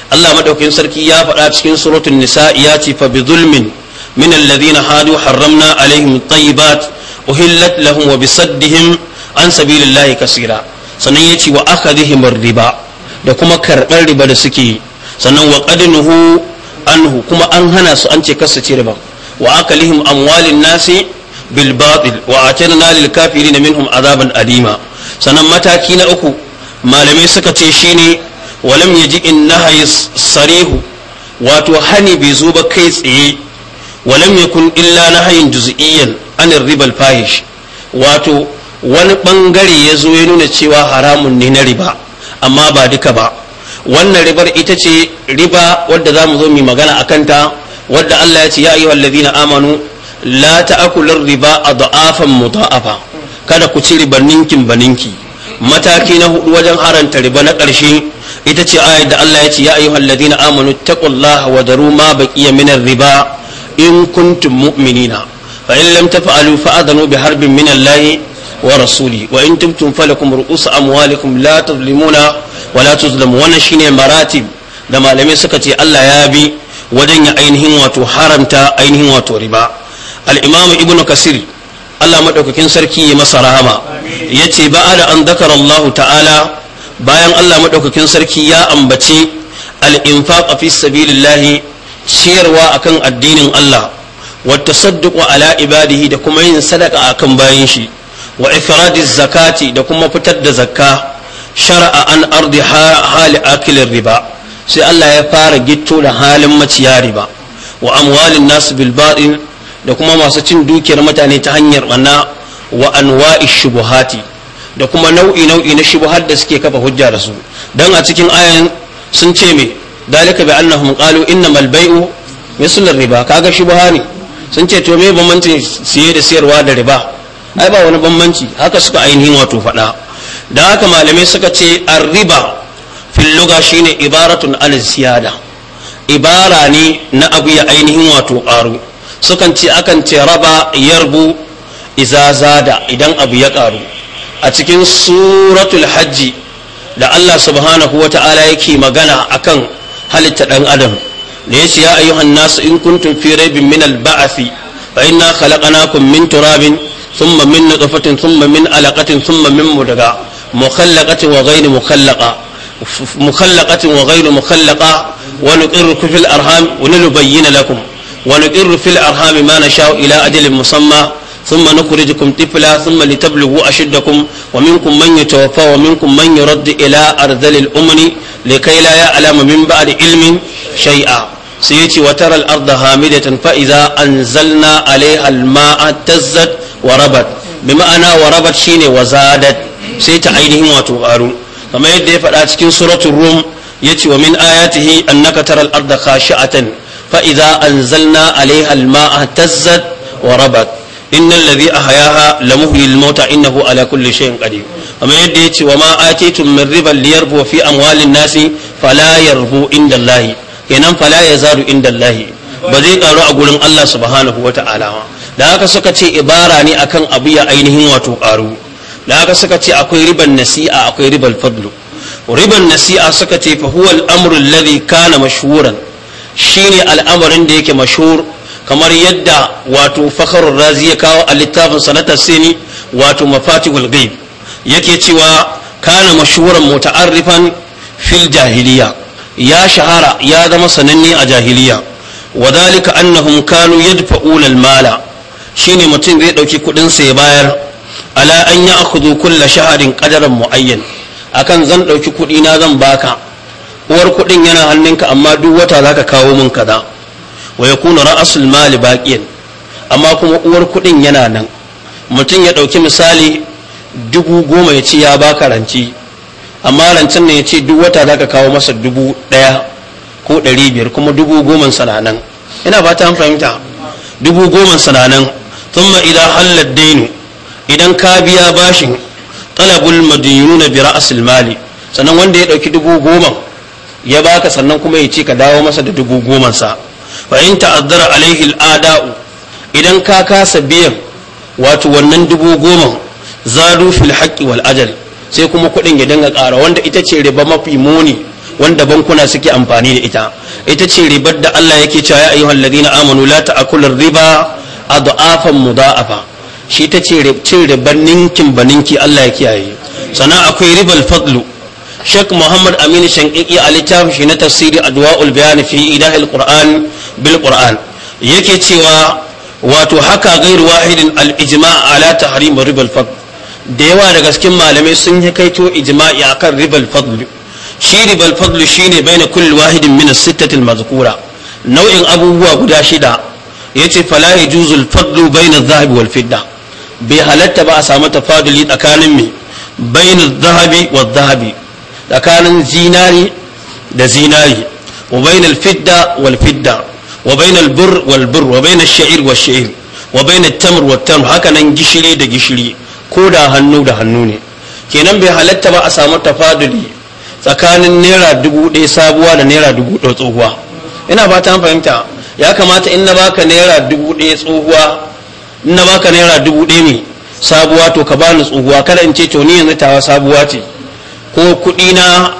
Allah maɗaukakin sarki ya faɗa cikin suratul nisa ya ce fa bi zulmin min alladhina hadu harramna alaihim tayyibat uhillat lahum wa bisaddihim an sabilillahi kasira sannan yace wa akhadhihim riba da kuma karɓar riba da suke yi sannan wa qadnuhu anhu kuma an hana su an ce kasu ci riba wa akalihim amwalin nasi bil batil wa atana lil kafirin minhum azaban alima sannan mataki na uku malamai suka ce shine walam yaji innaha sarihu wato hani bai zo ba kai tsaye walam yakun illa nahayin juz'iyyan an riba al fahish wato wani bangare ya zo ya nuna cewa haramun ne na riba amma ba duka ba wannan ribar ita ce riba wadda za mu zo mu magana a kanta wadda Allah ya ce ya ayyuhal ladina amanu la ta'kulur riba adafan mudaafa kada ku ci ribar ninkin baninki mataki na hudu wajen haranta riba na ƙarshe ita ce ayar da Allah ya ce ya ayyuhal ladina amanu taqullaha wa daru ma baqiya min riba in kuntum mu'minina fa in lam taf'alu fa adanu bi harbin minan Allah ورسوله وإن تبتم فلكم رؤوس أموالكم لا تظلمون ولا تظلمون وانا شيني مراتب da malamai suka ce Allah ya bi wajen ya ainihin wato haramta ainihin wato riba al-imamu ibnu kasir Allah maɗaukakin sarki ya masa rahama yace ba'ada an dhakara ta'ala bayan Allah maɗaukakin sarki ya ambaci al-infaq fi sabilillah ciyarwa akan addinin Allah wa tasadduqu ala ibadihi da kuma yin sadaka akan bayin shi wa ifradi zakati da kuma fitar da zakka shar'a an ardi hali akilin riba sai Allah ya fara gitto da halin maciya riba wa amwalin nasu bilbaɗin da kuma masu cin dukiyar mutane ta hanyar banna wa anwa'i shubuhati da kuma nau'i nau'i na shubuhat da suke kafa hujja da su dan a cikin ayan sun ce me dalika bi annahum qalu innamal bai'u misl riba kaga shubuha ne sun ce to me bambancin siye da siyarwa da riba ai ba wani bambanci haka suka ainihin wato faɗa da haka malamai suka ce arriba fil luga shine ibaratun al ziyada ibara ne na abu ya ainihin wato ƙaru sukan ce akan ce raba yarbu izazada idan abu ya ƙaru a cikin suratul hajji da Allah subhanahu wa ta'ala yake magana akan halitta ɗan adam da ya ce ya ayyuhan nasu in kuntum fi raibin min al ba'athi fa inna khalaqnakum min turabin thumma min nutfatin thumma min alaqatin thumma min mudaga mukhallaqatin wa ghayri mukhallaqa mukhallaqatin wa ghayri mukhallaqa wa nuqirru fil arham wa nubayyana lakum wa nuqirru fil arham ila ثم نخرجكم طفلا ثم لتبلغوا أشدكم ومنكم من يتوفى ومنكم من يرد إلى أرذل الأمن لكي لا يعلم من بعد علم شيئا sai ya ce watar da hamidatan fa'iza an zalna alai alma'a wa rabat bi ma'ana wa rabat shine wa zadat sai ta ainihin wato ƙaru kamar yadda ya faɗa cikin suratun rum ya ce wa min ayatihi annaka taral arda khashi'atan fa'iza an zalna alai alma'a tazzat wa rabat innal ladhi ahyaha lamuhyi al-mauta innahu ala kulli shay'in qadir amma yadda ya ce wa ma atitum min riban liyarbu fi amwalin nasi fala yarbu inda allahi kenan fala ya zaru inda Allahi ba zai karu a gurin Allah subhanahu wa ta'ala da haka suka ce ibara ne akan abu ya ainihin wato karu da haka suka ce akwai riban nasi'a akwai riban fadlu riban nasi'a suka ce fa huwa al-amru alladhi kana mashhuran shine al'amarin da yake mashhur kamar yadda wato fakharur razi ya kawo a littafin sanata sini wato mafatihul ghaib yake cewa kana mashhuran muta'arrifan fil jahiliya ya shahara ya zama sananne a jahiliya wadalika annahum kanu yadfa'una mala shine mutum zai dauki kudin sa ya bayar ala an ya akhudhu kull shahrin qadaran muayyan akan zan dauki kudi na zan baka uwar kudin yana hannunka amma duk wata zaka kawo min kaza wa yakunu ra'sul mali baqiyan amma kuma uwar kudin yana nan mutum ya dauki misali dubu goma ya ci ya baka ranci amma rancen ne ya ce duk wata za ka kawo masa dubu ɗaya ko ɗari biyar kuma dubu goman sananan ina fata ta fahimta dubu goman sananan ma idan hallar dainu idan ka biya bashin talabul madiyuna na biyar mali sannan wanda ya ɗauki dubu goman ya baka sannan kuma ya ce ka dawo masa da dubu goman sa fa in ta'addara alaihi al'ada'u idan ka kasa biyan wato wannan dubu goman zadu fil haqqi wal ajal sai kuma kuɗin ya dinga ƙara wanda ita ce riba mafi muni wanda bankuna suke amfani da ita ita ce ribar da Allah yake cewa ya ayyuhal ladina amanu la ta'kulu riba adafan mudafa shi ta ce cin ribar ninkin ba ninki Allah ya kiyaye sana akwai ribal fadlu Sheikh Muhammad amin Shankiki a littafin shi na tafsiri Adwa'ul Bayan fi Idahil Qur'an bil Qur'an yake cewa wato haka gairu wahidin al-ijma' ala tahrim ribal fadl da yawa daga cikin malamai sun yi kaito ijma'i akan ribal fadlu shi ribal fadlu shine baina kulli wahidin min as mazkura nau'in abubuwa guda shida yace fala yajuzul al-fadlu baina adh-dhahabi wal fidda bai halatta ba a samu tafaduli tsakanin me baina adh-dhahabi wadh-dhahabi tsakanin zinari da zinari wa baina al-fidda wal fidda wa baina al-bur wal bur wa baina ash-sha'ir wal shair wa baina at-tamr wat-tamr haka nan gishiri da gishiri ko da hannu da hannu ne kenan bai halatta ba a samu tafaduli tsakanin naira dubu ɗaya sabuwa da naira dubu ɗaya tsohuwa ina ba ta fahimta ya kamata in na baka naira dubu ɗaya tsohuwa in na baka naira dubu ɗaya ne sabuwa to ka bani tsohuwa kada in ce to ni yanzu tawa sabuwa ce ko kuɗi na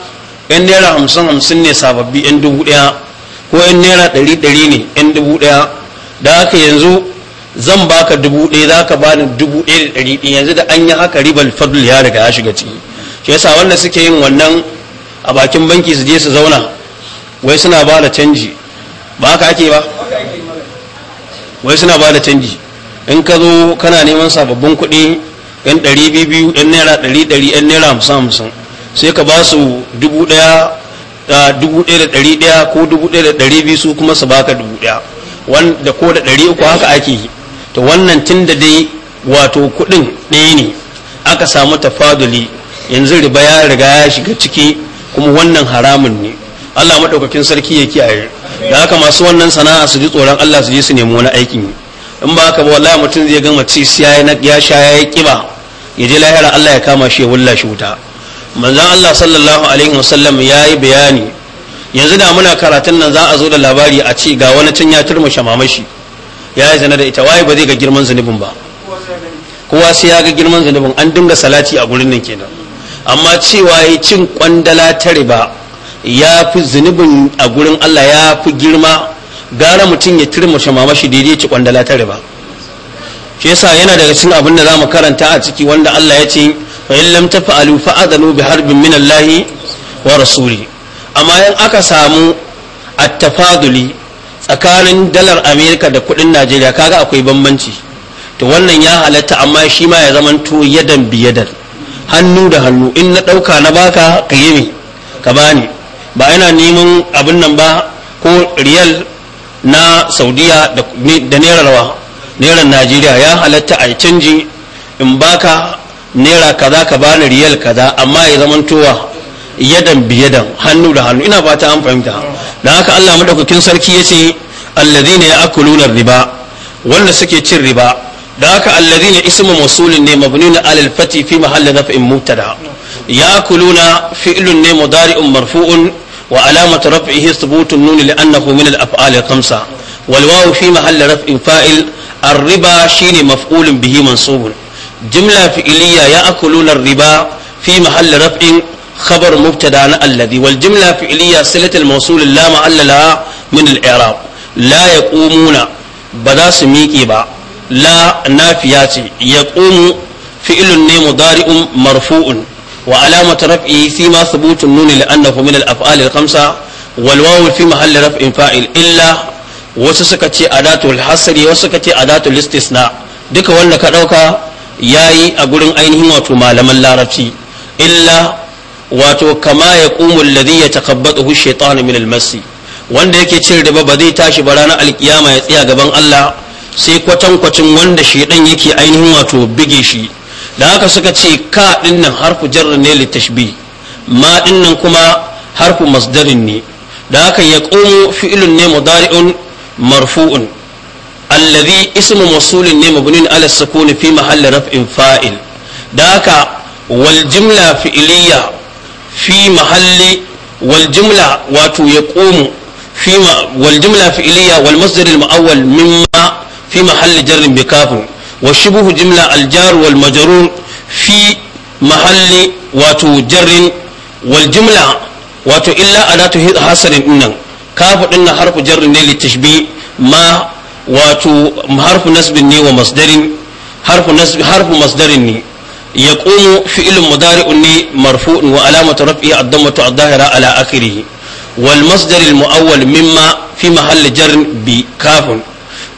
yan naira hamsin hamsin ne sababbi yan dubu ɗaya ko yan naira ɗari ɗari ne yan dubu ɗaya da haka yanzu zan baka dubu ɗaya za ka bani dubu ɗaya da ɗari ɗaya yanzu da an yi haka ribar fadul ya riga ya shiga ciki shi yasa wanda suke yin wannan a bakin banki su je su zauna wai suna ba da canji ba haka ake ba wai suna ba da canji in ka zo kana neman sababbin kuɗi yan ɗari biyu biyu yan naira ɗari ɗari yan naira hamsin hamsin sai ka ba su dubu ɗaya da dubu ɗaya da ɗari ɗaya ko dubu ɗaya da ɗari biyu su kuma su baka dubu ɗaya wanda ko da ɗari uku haka ake yi to wannan tun da dai wato kuɗin ɗaya ne aka samu tafaduli yanzu riba ya riga ya shiga ciki kuma wannan haramun ne Allah maɗaukakin sarki ya kiyaye da haka masu wannan sana'a su ji tsoron Allah su je su nemi wani aikin in ba haka ba wallahi mutum zai gama ci ya sha ya yi kiba ya je lahira Allah ya kama shi ya wulla shi wuta manzon Allah sallallahu alaihi wasallam ya yi bayani yanzu da muna karatun nan za a zo da labari a ce ga wani can ya turmushe mamashi ya yi zina da ita waye ba zai ga girman zunubin ba kowa sai ya ga girman zunubin an dinga salati a gurin nan kenan amma cewa yi cin kwandala ta riba ya fi zunubin a gurin Allah ya fi girma gara mutum ya turmushe mamashi daidai ci kwandala ta riba shi yasa yana daga cikin abin da zamu karanta a ciki wanda Allah ya ce fa in lam fa adanu bi harbin min Allah wa rasuli amma in aka samu at-tafaduli tsakanin dalar amerika da kudin najeriya kaga akwai bambanci to wannan ya halatta amma shi ma ya zama to yadan biyadan hannu da hannu in na dauka na baka ka yi ne ka bani ba ina neman abin nan ba ko riyal na saudiya da naira rawa naira najeriya ya halatta a canji in baka naira kaza ka bani riyal kaza amma ya zama towa yadan biyadan hannu da hannu ina fata an fahimta da haka Allah madaukakin sarki ya alladhina ya'kuluna riba wanda suke cin riba da haka alladhina ismu mawsulin ne mabnun ala al-fati fi mahalli raf'in mubtada ya'kuluna fi'lun ne mudari'un marfu'un wa alamatu raf'ihi thubutun nun li'annahu min al-af'ali al-khamsa wal wawu fi mahalli raf'in fa'il الربا شين مفعول به منصوب جملة فعلية يأكلون الربا في محل رفع خبر مبتدا الذي والجمله فعليه صله الموصول لا محل لها من الاعراب لا يقومون بدا سميكي با لا نافياتي يقوم فعل مضارع مرفوع وعلامة رفعه فيما ثبوت النون لأنه من الأفعال الخمسة والواو في محل رفع فاعل إلا وسسكتي أداة الحصر وسكتي أداة الاستثناء دك ولا كدوكا yayi a gurin ainihin wato malaman larabci illa wato kama ya qumul ladhi yatakabbathu hu shaytanu min al-masi wanda yake cire riba ba zai tashi ba ranar alkiyama ya tsaya gaban Allah sai kwatankwacin wanda shaidan yake ainihin wato bige shi da haka suka ce ka dinnan harfu jarra ne litashbi ma dinnan kuma harfu masdarin ne da haka ya qumu fi'ilun ne mudari'un marfu'un alladhi ismu masulin ne mabnin ala sukuni fi mahalli raf'in fa'il da haka wal jumla fi mahalli wal jumla wato ya komu fi wal jumla fi'liya wal masdar al muawwal mimma fi mahalli jar bi kafin wa shubuhu jumla al jar wal majrur fi mahalli wato jarrin wal jumla wato illa adatu hasarin dinnan kafu dinnan harfu jarrin ne litashbi ma wato harfu nasbin ne wa masdarin harfu nasb harfu masdarin ne يقوم فعل مضارع مرفوع وعلامة رفعه الضمة الظاهرة على آخره والمصدر المؤول مما في محل جر بكاف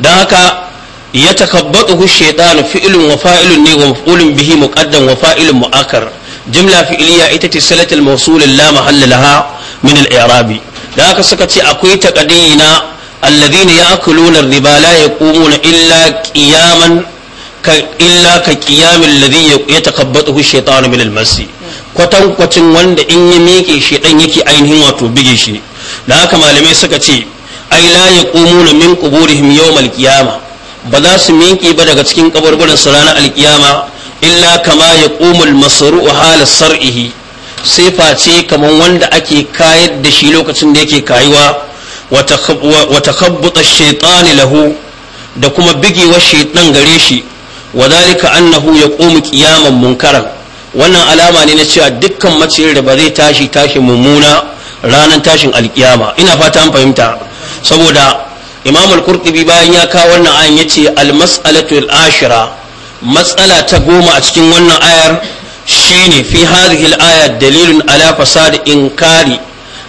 ذاك يتخبطه الشيطان فعل وفاعل ومفعول به مقدم وفاعل مؤخر جملة فعلية إتت سلة الموصول لا محل لها من الإعراب ذاك سكتي أقوي تقدينا الذين يأكلون الربا لا يقومون إلا قياما illa ka kiyamin ladhi ya takabbatu shaytanu min al-masi kwatan kwacin wanda in ya miƙe shaytan yake ainihin wato bige shi da haka malamai suka ce ai la yaqumuna min quburihim yawm al-qiyama ba za su miƙe ba daga cikin kaburburan su ranar al-qiyama illa kama yaqumu al hala sar'ihi sai face kamar wanda ake kayar da shi lokacin da yake kayuwa wa takabbuta shaytan lahu da kuma bigewar shaytan gare shi wa annahu ya yaqumu qiyaman munkaran wannan alama ne na cewa dukkan maciyar da ba zai tashi tashi mummuna ranar tashin alkiyama ina fata an fahimta saboda imam al-qurtubi bayan ya kawo wannan ayan yace al-mas'alatu al-ashira matsala ta goma a cikin wannan ayar shine fi hadhihi al-aya dalilun ala fasad inkari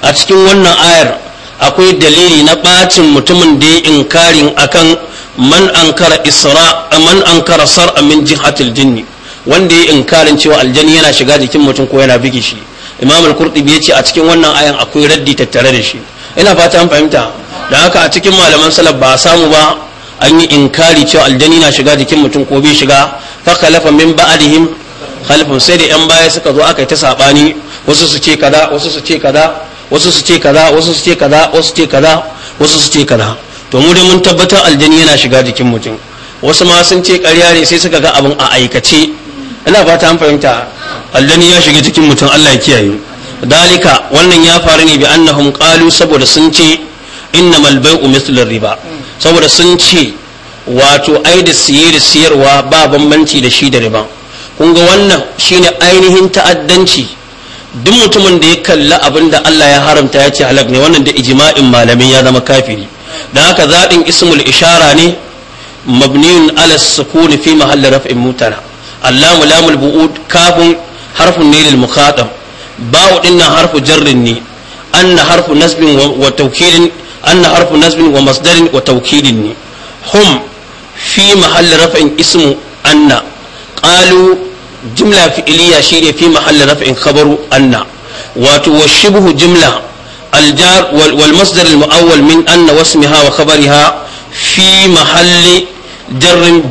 a cikin wannan ayar akwai dalili na bacin mutumin da ya inkarin akan man ankara isra man ankara sar'a min jihatil jinni wanda ya inkarin cewa aljani yana shiga jikin mutum ko yana bige shi imam al-qurtubi yace a cikin wannan ayan akwai raddi tattare da shi ina fata an fahimta da haka a cikin malaman salaf ba samu ba an yi inkari cewa aljani na shiga jikin mutum ko bai shiga fa khalafa min ba'dihim khalifun sai da yan baya suka zo aka yi ta sabani wasu su ce kaza wasu su ce kaza wasu su ce kaza wasu su ce kaza wasu su ce kaza wasu su ce kaza to mu dai mun tabbatar aljani yana shiga jikin mutum wasu ma sun ce ƙarya ne sai suka ga abin a aikace ina fata an fahimta aljani ya shiga jikin mutum Allah ya kiyaye dalika wannan ya faru ne bi annahum qalu saboda sun ce innamal bai'u mislu riba saboda sun ce wato ai da siye da siyarwa ba bambanci da shi da riba kun ga wannan shine ainihin ta'addanci duk mutumin da ya kalla abin da Allah ya haramta ya ce halak ne wannan da ijma'in malamin ya zama kafiri da haka zaɗin ismul ishara ne mabniyun ala sukuni fi mahalli raf'in mutala allamu lamul bu'ud kafin harfun ne lil mukhatab ba'u dinnan harfu jarrin ne anna harfu nasbin wa tawkilin anna harfu nasbin wa masdarin wa tawkilin ne hum fi mahalli raf'in ismu anna qalu jumla fi'liya ne fi mahalli raf'in khabaru anna wato wa shibhu jumla الجار والمصدر المؤول من أن واسمها وخبرها في محل جر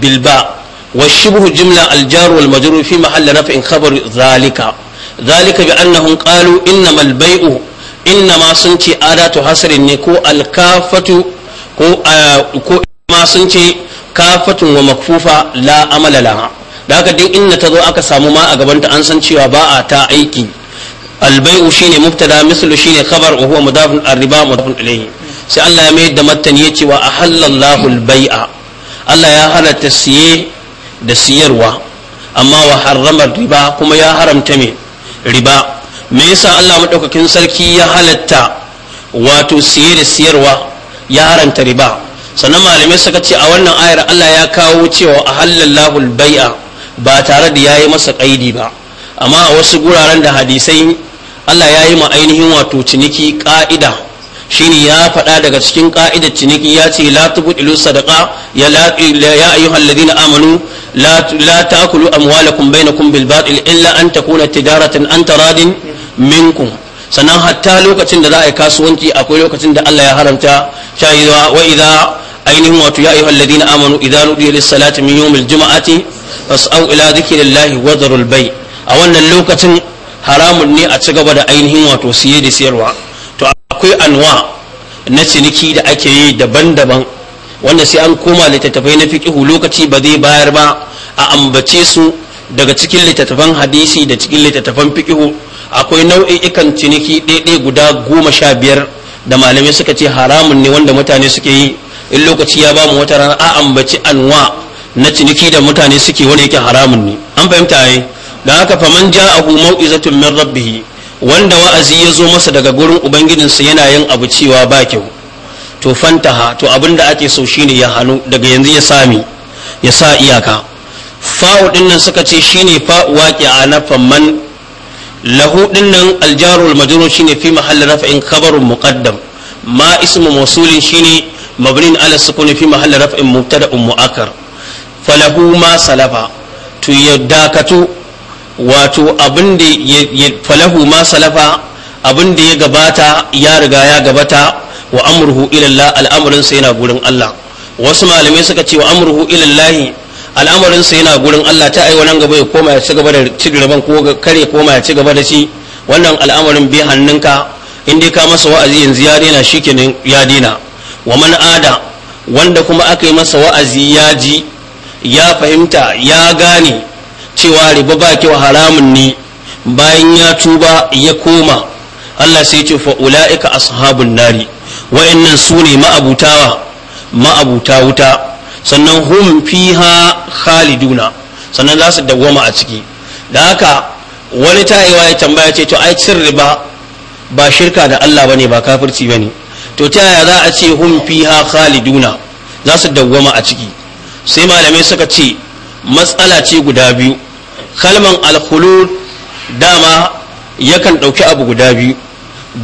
بالباء والشبه جملة الجار والمجرور في محل رفع خبر ذلك ذلك بأنهم قالوا إنما البيع إنما سنتي آلات حصر نكو الكافة ko ma sun ce kafatun wa makfufa la amala laha da haka duk inda ta zo aka samu ma a gabanta an san cewa ba a ta aiki albai'u shine mubtada mislu shine khabar wa huwa mudafun arriba mudafun ilayhi sai Allah ya mai da martani yace wa ahallallahu albai'a Allah ya halatta siye da siyarwa amma wa harrama riba kuma ya haramta me riba me yasa Allah madaukakin sarki ya halatta wato siye da siyarwa ya haramta riba sannan malamai suka ce a wannan ayar Allah ya kawo cewa ahallallahu albai'a ba tare da ya yi masa kaidi ba amma a wasu guraren da hadisai Allah ya yi ma ainihin wato ciniki ƙa'ida shine ya faɗa daga cikin ka'idar ciniki ya ce la tubdilu sadaqa ya ya ayyuhal ladina amanu la la ta'kulu amwalakum bainakum bil batil illa an takuna tijaratan an taradin minkum sannan hatta lokacin da za a yi kasuwanci akwai lokacin da Allah ya haramta shayira wa idza ainihin wato ya ayyuhal amanu idza nudiya lis salati min yawmil juma'ati fas'au ila dhikrillahi wa dharul bay a wannan lokacin haramun ne a ci gaba da ainihin wato siye da siyarwa to akwai anwa na ciniki da ake yi daban-daban wanda sai an koma littattafai na fiƙihu lokaci ba zai bayar ba a ambace su daga cikin littattafan hadisi da cikin littattafan fiƙihu akwai nau'i'ikan ciniki ɗaiɗai guda goma sha biyar da malamai suka ce haramun ne wanda mutane suke yi in lokaci ya ba wata rana a ambaci anwa na ciniki da mutane suke wani yake haramun ne an fahimta yi da haka faman ja'ahu mau'izatun min rabbih wanda wa'azi ya zo masa daga gurin ubangijinsa yana yin abu cewa ba kyau to fantaha to abin da ake so shine ya hannu daga yanzu ya sami ya sa iyaka fa'u din suka ce shine fa waqi'a na man lahu din nan aljarul majrur shine fi mahalli raf'in khabarun muqaddam ma ismu mawsulin shine mabnin ala sukun fi mahalli raf'in mubtada'un mu'akkar falahu ma salafa to ya dakatu wato abin da ya falahu ma salafa abin da ya gabata ya riga ya gabata wa amurhu ilallah al'amurinsa yana gurin Allah wasu malamai suka ce wa amurhu ilallahi yana gurin Allah ta ai wannan gaba ya koma ya ci gaba da ci ko kare koma ya ci gaba da shi wannan al'amarin bi hannunka in dai ka masa wa'azi yanzu ya dina shikenan ya daina wa man ada wanda kuma aka yi masa wa'azi ya ji ya fahimta ya gane cewa riba ba kyau haramun ne bayan ya tuba ya koma Allah sai ce fa ula'ika ashabun nari wa'annan su ne ma'abutawa ma'abuta wuta sannan hum fiha khaliduna sannan za su dawwama a ciki da haka wani tayewa ya tambaya ce to ai cin riba ba shirka da Allah bane ba kafirci bane to ta yaya za a ce hum fiha khaliduna za su dawwama a ciki sai malamai suka ce matsala ce guda biyu kalman alkhulud dama yakan ɗauki abu guda biyu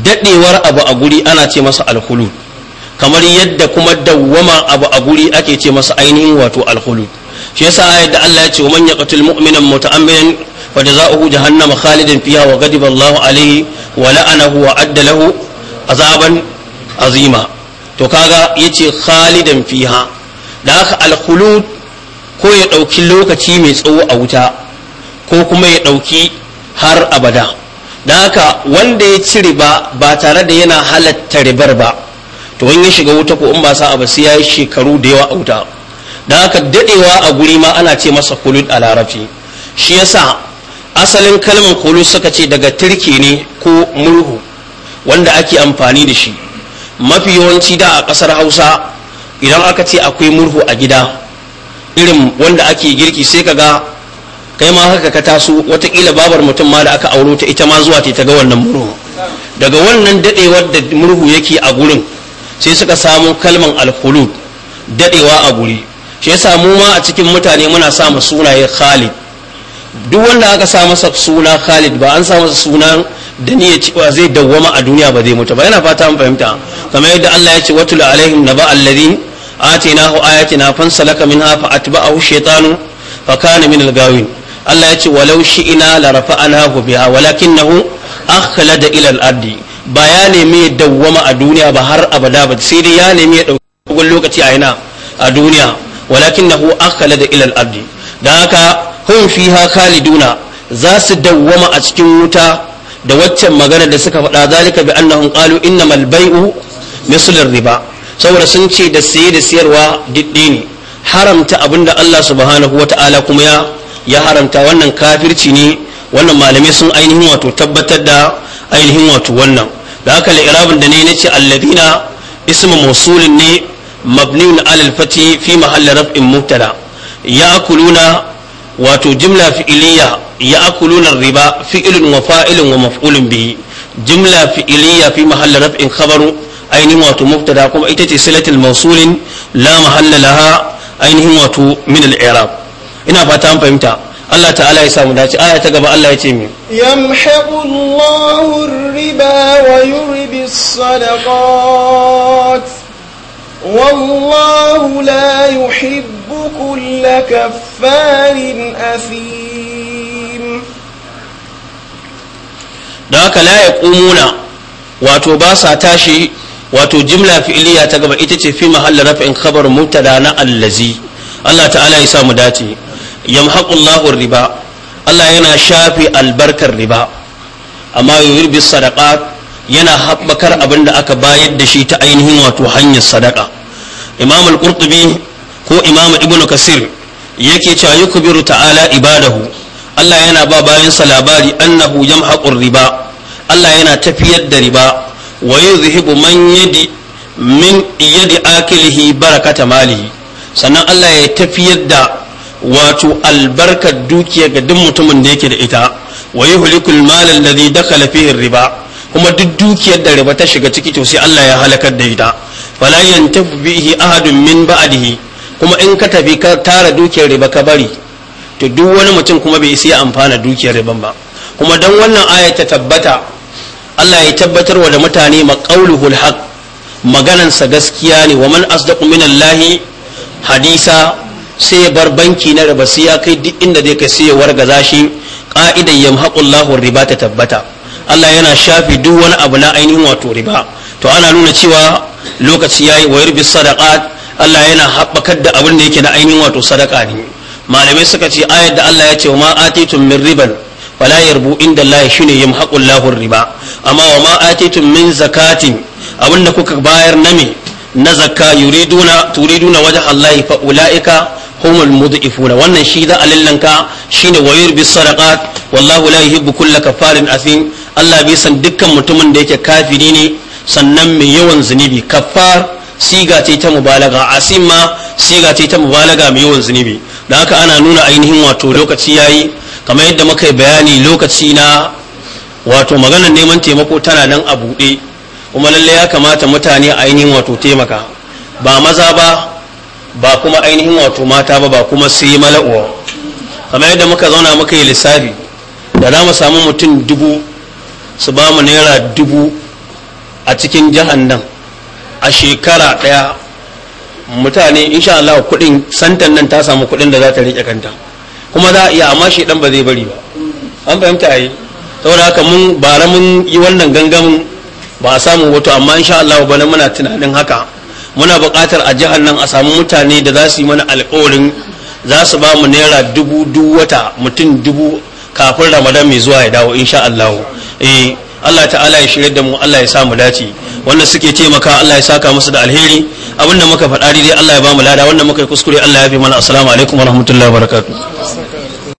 daɗewar abu a guri ana ce masa alkhulud kamar yadda kuma dawwama abu a guri ake ce masa ainihin wato alkhulud shi yasa ayat da Allah ya ce man yaqtul mu'mina muta'ammidan fa jazaohu jahannama khalidan fiha wa ghadiba Allah alayhi wa la'anahu wa adda lahu azaban azima to kaga yace khalidan fiha da haka alkhulud ko ya ɗauki lokaci mai tsawo a wuta ko kuma ya ɗauki har abada da haka wanda ya ci riba ba tare da yana halatta ribar ba to in ya shiga wuta ko in ba sa abu sai ya yi shekaru da yawa a wuta da haka daɗewa a guri ma ana ce masa kulud a larafi shi yasa asalin kalmar kulud suka ce daga turke ne ko murhu wanda ake amfani da shi mafi yawanci da a ƙasar hausa idan aka ce akwai murhu a gida irin wanda ake girki sai ka ga. kai ma haka ka taso watakila babar mutum ma da aka auro ta ita ma zuwa ta ga wannan murhu daga wannan dadewar da murhu yake a gurin sai suka samu kalman alkhulud dadewa a guri shi yasa mu ma a cikin mutane muna sa mu sunaye Khalid duk wanda aka sa masa suna Khalid ba an sa masa sunan da niyya cewa zai dawwama a duniya ba zai mutu ba yana fata mun fahimta kamar yadda Allah ya ce watul alaihim naba alladhi atainahu ayatina fansalaka minha fa atba'ahu shaytanu fa kana min al-gawin Allah ya ce walau shi'ina la rafa'anahu biha nahu akhlada da ilal ardi ba ya nemi ya dawwama a duniya ba har abada ba sai dai ya nemi ya dauki lokaci a ina a duniya walakin nahu akala da ilal ardi dan haka fi fiha khaliduna za su dawwama a cikin wuta da waccan magana da suka faɗa zalika bi annahum qalu innamal bai'u misl riba saboda sun ce da saye da siyarwa diddi ne haramta abinda Allah subhanahu wata'ala kuma ya ya haramta wannan kafirci ne wannan malamai sun ainihin wato tabbatar da ainihin wato wannan da haka li'irabin da ne nace alladina ismu mawsulin ne mabniun alal fati fi mahalli raf'in mubtada ya'kuluna wato jumla fi'iliya ya'kuluna riba fi'ilun wa fa'ilun wa maf'ulun bihi jimla fi'iliya fi mahalli raf'in khabaru ainihin wato mubtada kuma ita ce silatul mawsulin la mahalla laha ainihin wato min al-i'rab ina fata an fahimta Allah ta'ala ya samu dace aya ta gaba Allah ya ce mi yamhaqu Allahu riba wa yurbi sadaqat wallahu la yuhibbu kulla kaffarin asim da haka la yaqumuna wato ba sa tashi wato jimla fi'iliya ta gaba ita ce fi mahallin rafin khabar mubtada na allazi Allah ta'ala ya samu dace yamhaqullahu riba Allah yana shafi albarkar riba amma yurbi sadaqat yana haɓakar abin da aka bayar da shi ta ainihin wato hanyar sadaka imam al-qurtubi ko imam ibnu kasir yake cewa yukbiru ta'ala ibadahu Allah yana ba bayansa labari annahu yamhaƙun riba Allah yana tafiyar da riba wa yuzhibu man yadi min yadi akilihi barakata malihi sannan Allah ya tafiyar da wato albarkar dukiya ga duk mutumin da yake da ita wa yuhlikul mal alladhi dakhala fihin riba kuma duk dukiyar da riba ta shiga ciki to sai Allah ya halakar da ita fala yantafu bihi ahadun min ba'dihi kuma in ka tafi ka tara dukiyar riba ka bari to duk wani mutum kuma bai sai amfana dukiyar riban ba kuma dan wannan aya ta tabbata Allah ya tabbatar wa da mutane maqauluhul haq maganansa gaskiya ne wa man asdaqu minallahi hadisa sai ya bar banki na riba sai ya kai duk inda zai kai sai ya wargaza shi ka'idan yamhaqullahu riba ta tabbata Allah yana shafi duk wani abu na ainihin wato riba to ana nuna cewa lokaci yayi wa yarbi sadaqat Allah yana haɓakar da abin da yake na ainihin wato sadaka ne malamai suka ce ayar da Allah ya ce ma atitum min riban fala yarbu inda Allah shine yamhaqullahu riba amma wa ma atitum min zakatin abin da kuka bayar na me na zakka yuriduna turiduna wajh Allah fa ulaika humul mud'ifuna wannan shi za a shine wayur bis sadaqat wallahu la yuhibbu kulla kafarin asim Allah bai san dukkan mutumin da yake kafiri ne sannan mai yawan zunubi kafar siga ce ta mubalaga asim ma siga ce ta mubalaga mai yawan zunubi da haka ana nuna ainihin wato lokaci yayi kamar yadda muka bayani lokaci na wato maganar neman taimako tana nan a buɗe kuma lalle ya kamata mutane ainihin wato taimaka ba maza ba ba kuma ainihin wato mata ba ba kuma sai mala'uwa kamar yadda muka zauna muka yi lissafi da za mu samu mutum dubu su ba mu naira dubu a cikin jihar nan a shekara ɗaya mutane insha Allah kuɗin santan nan ta samu kuɗin da za ta riƙe kanta kuma za a iya amma shi ɗan ba zai bari ba an fahimta a yi saboda haka mun bara mun yi wannan gangamin ba a samu wato amma insha Allah bana muna tunanin haka muna buƙatar a jihar nan a samu mutane da za su yi mana alƙawarin za su ba mu naira dubu duk wata mutum dubu kafin ramadan mai zuwa ya dawo insha Allah eh Allah ta'ala ya shirya da mu Allah ya sa mu dace wanda suke taimaka Allah ya saka musu da alheri abinda muka faɗa dai Allah ya ba mu lada wanda muka yi kuskure Allah ya fi mana assalamu alaikum wa barakatuh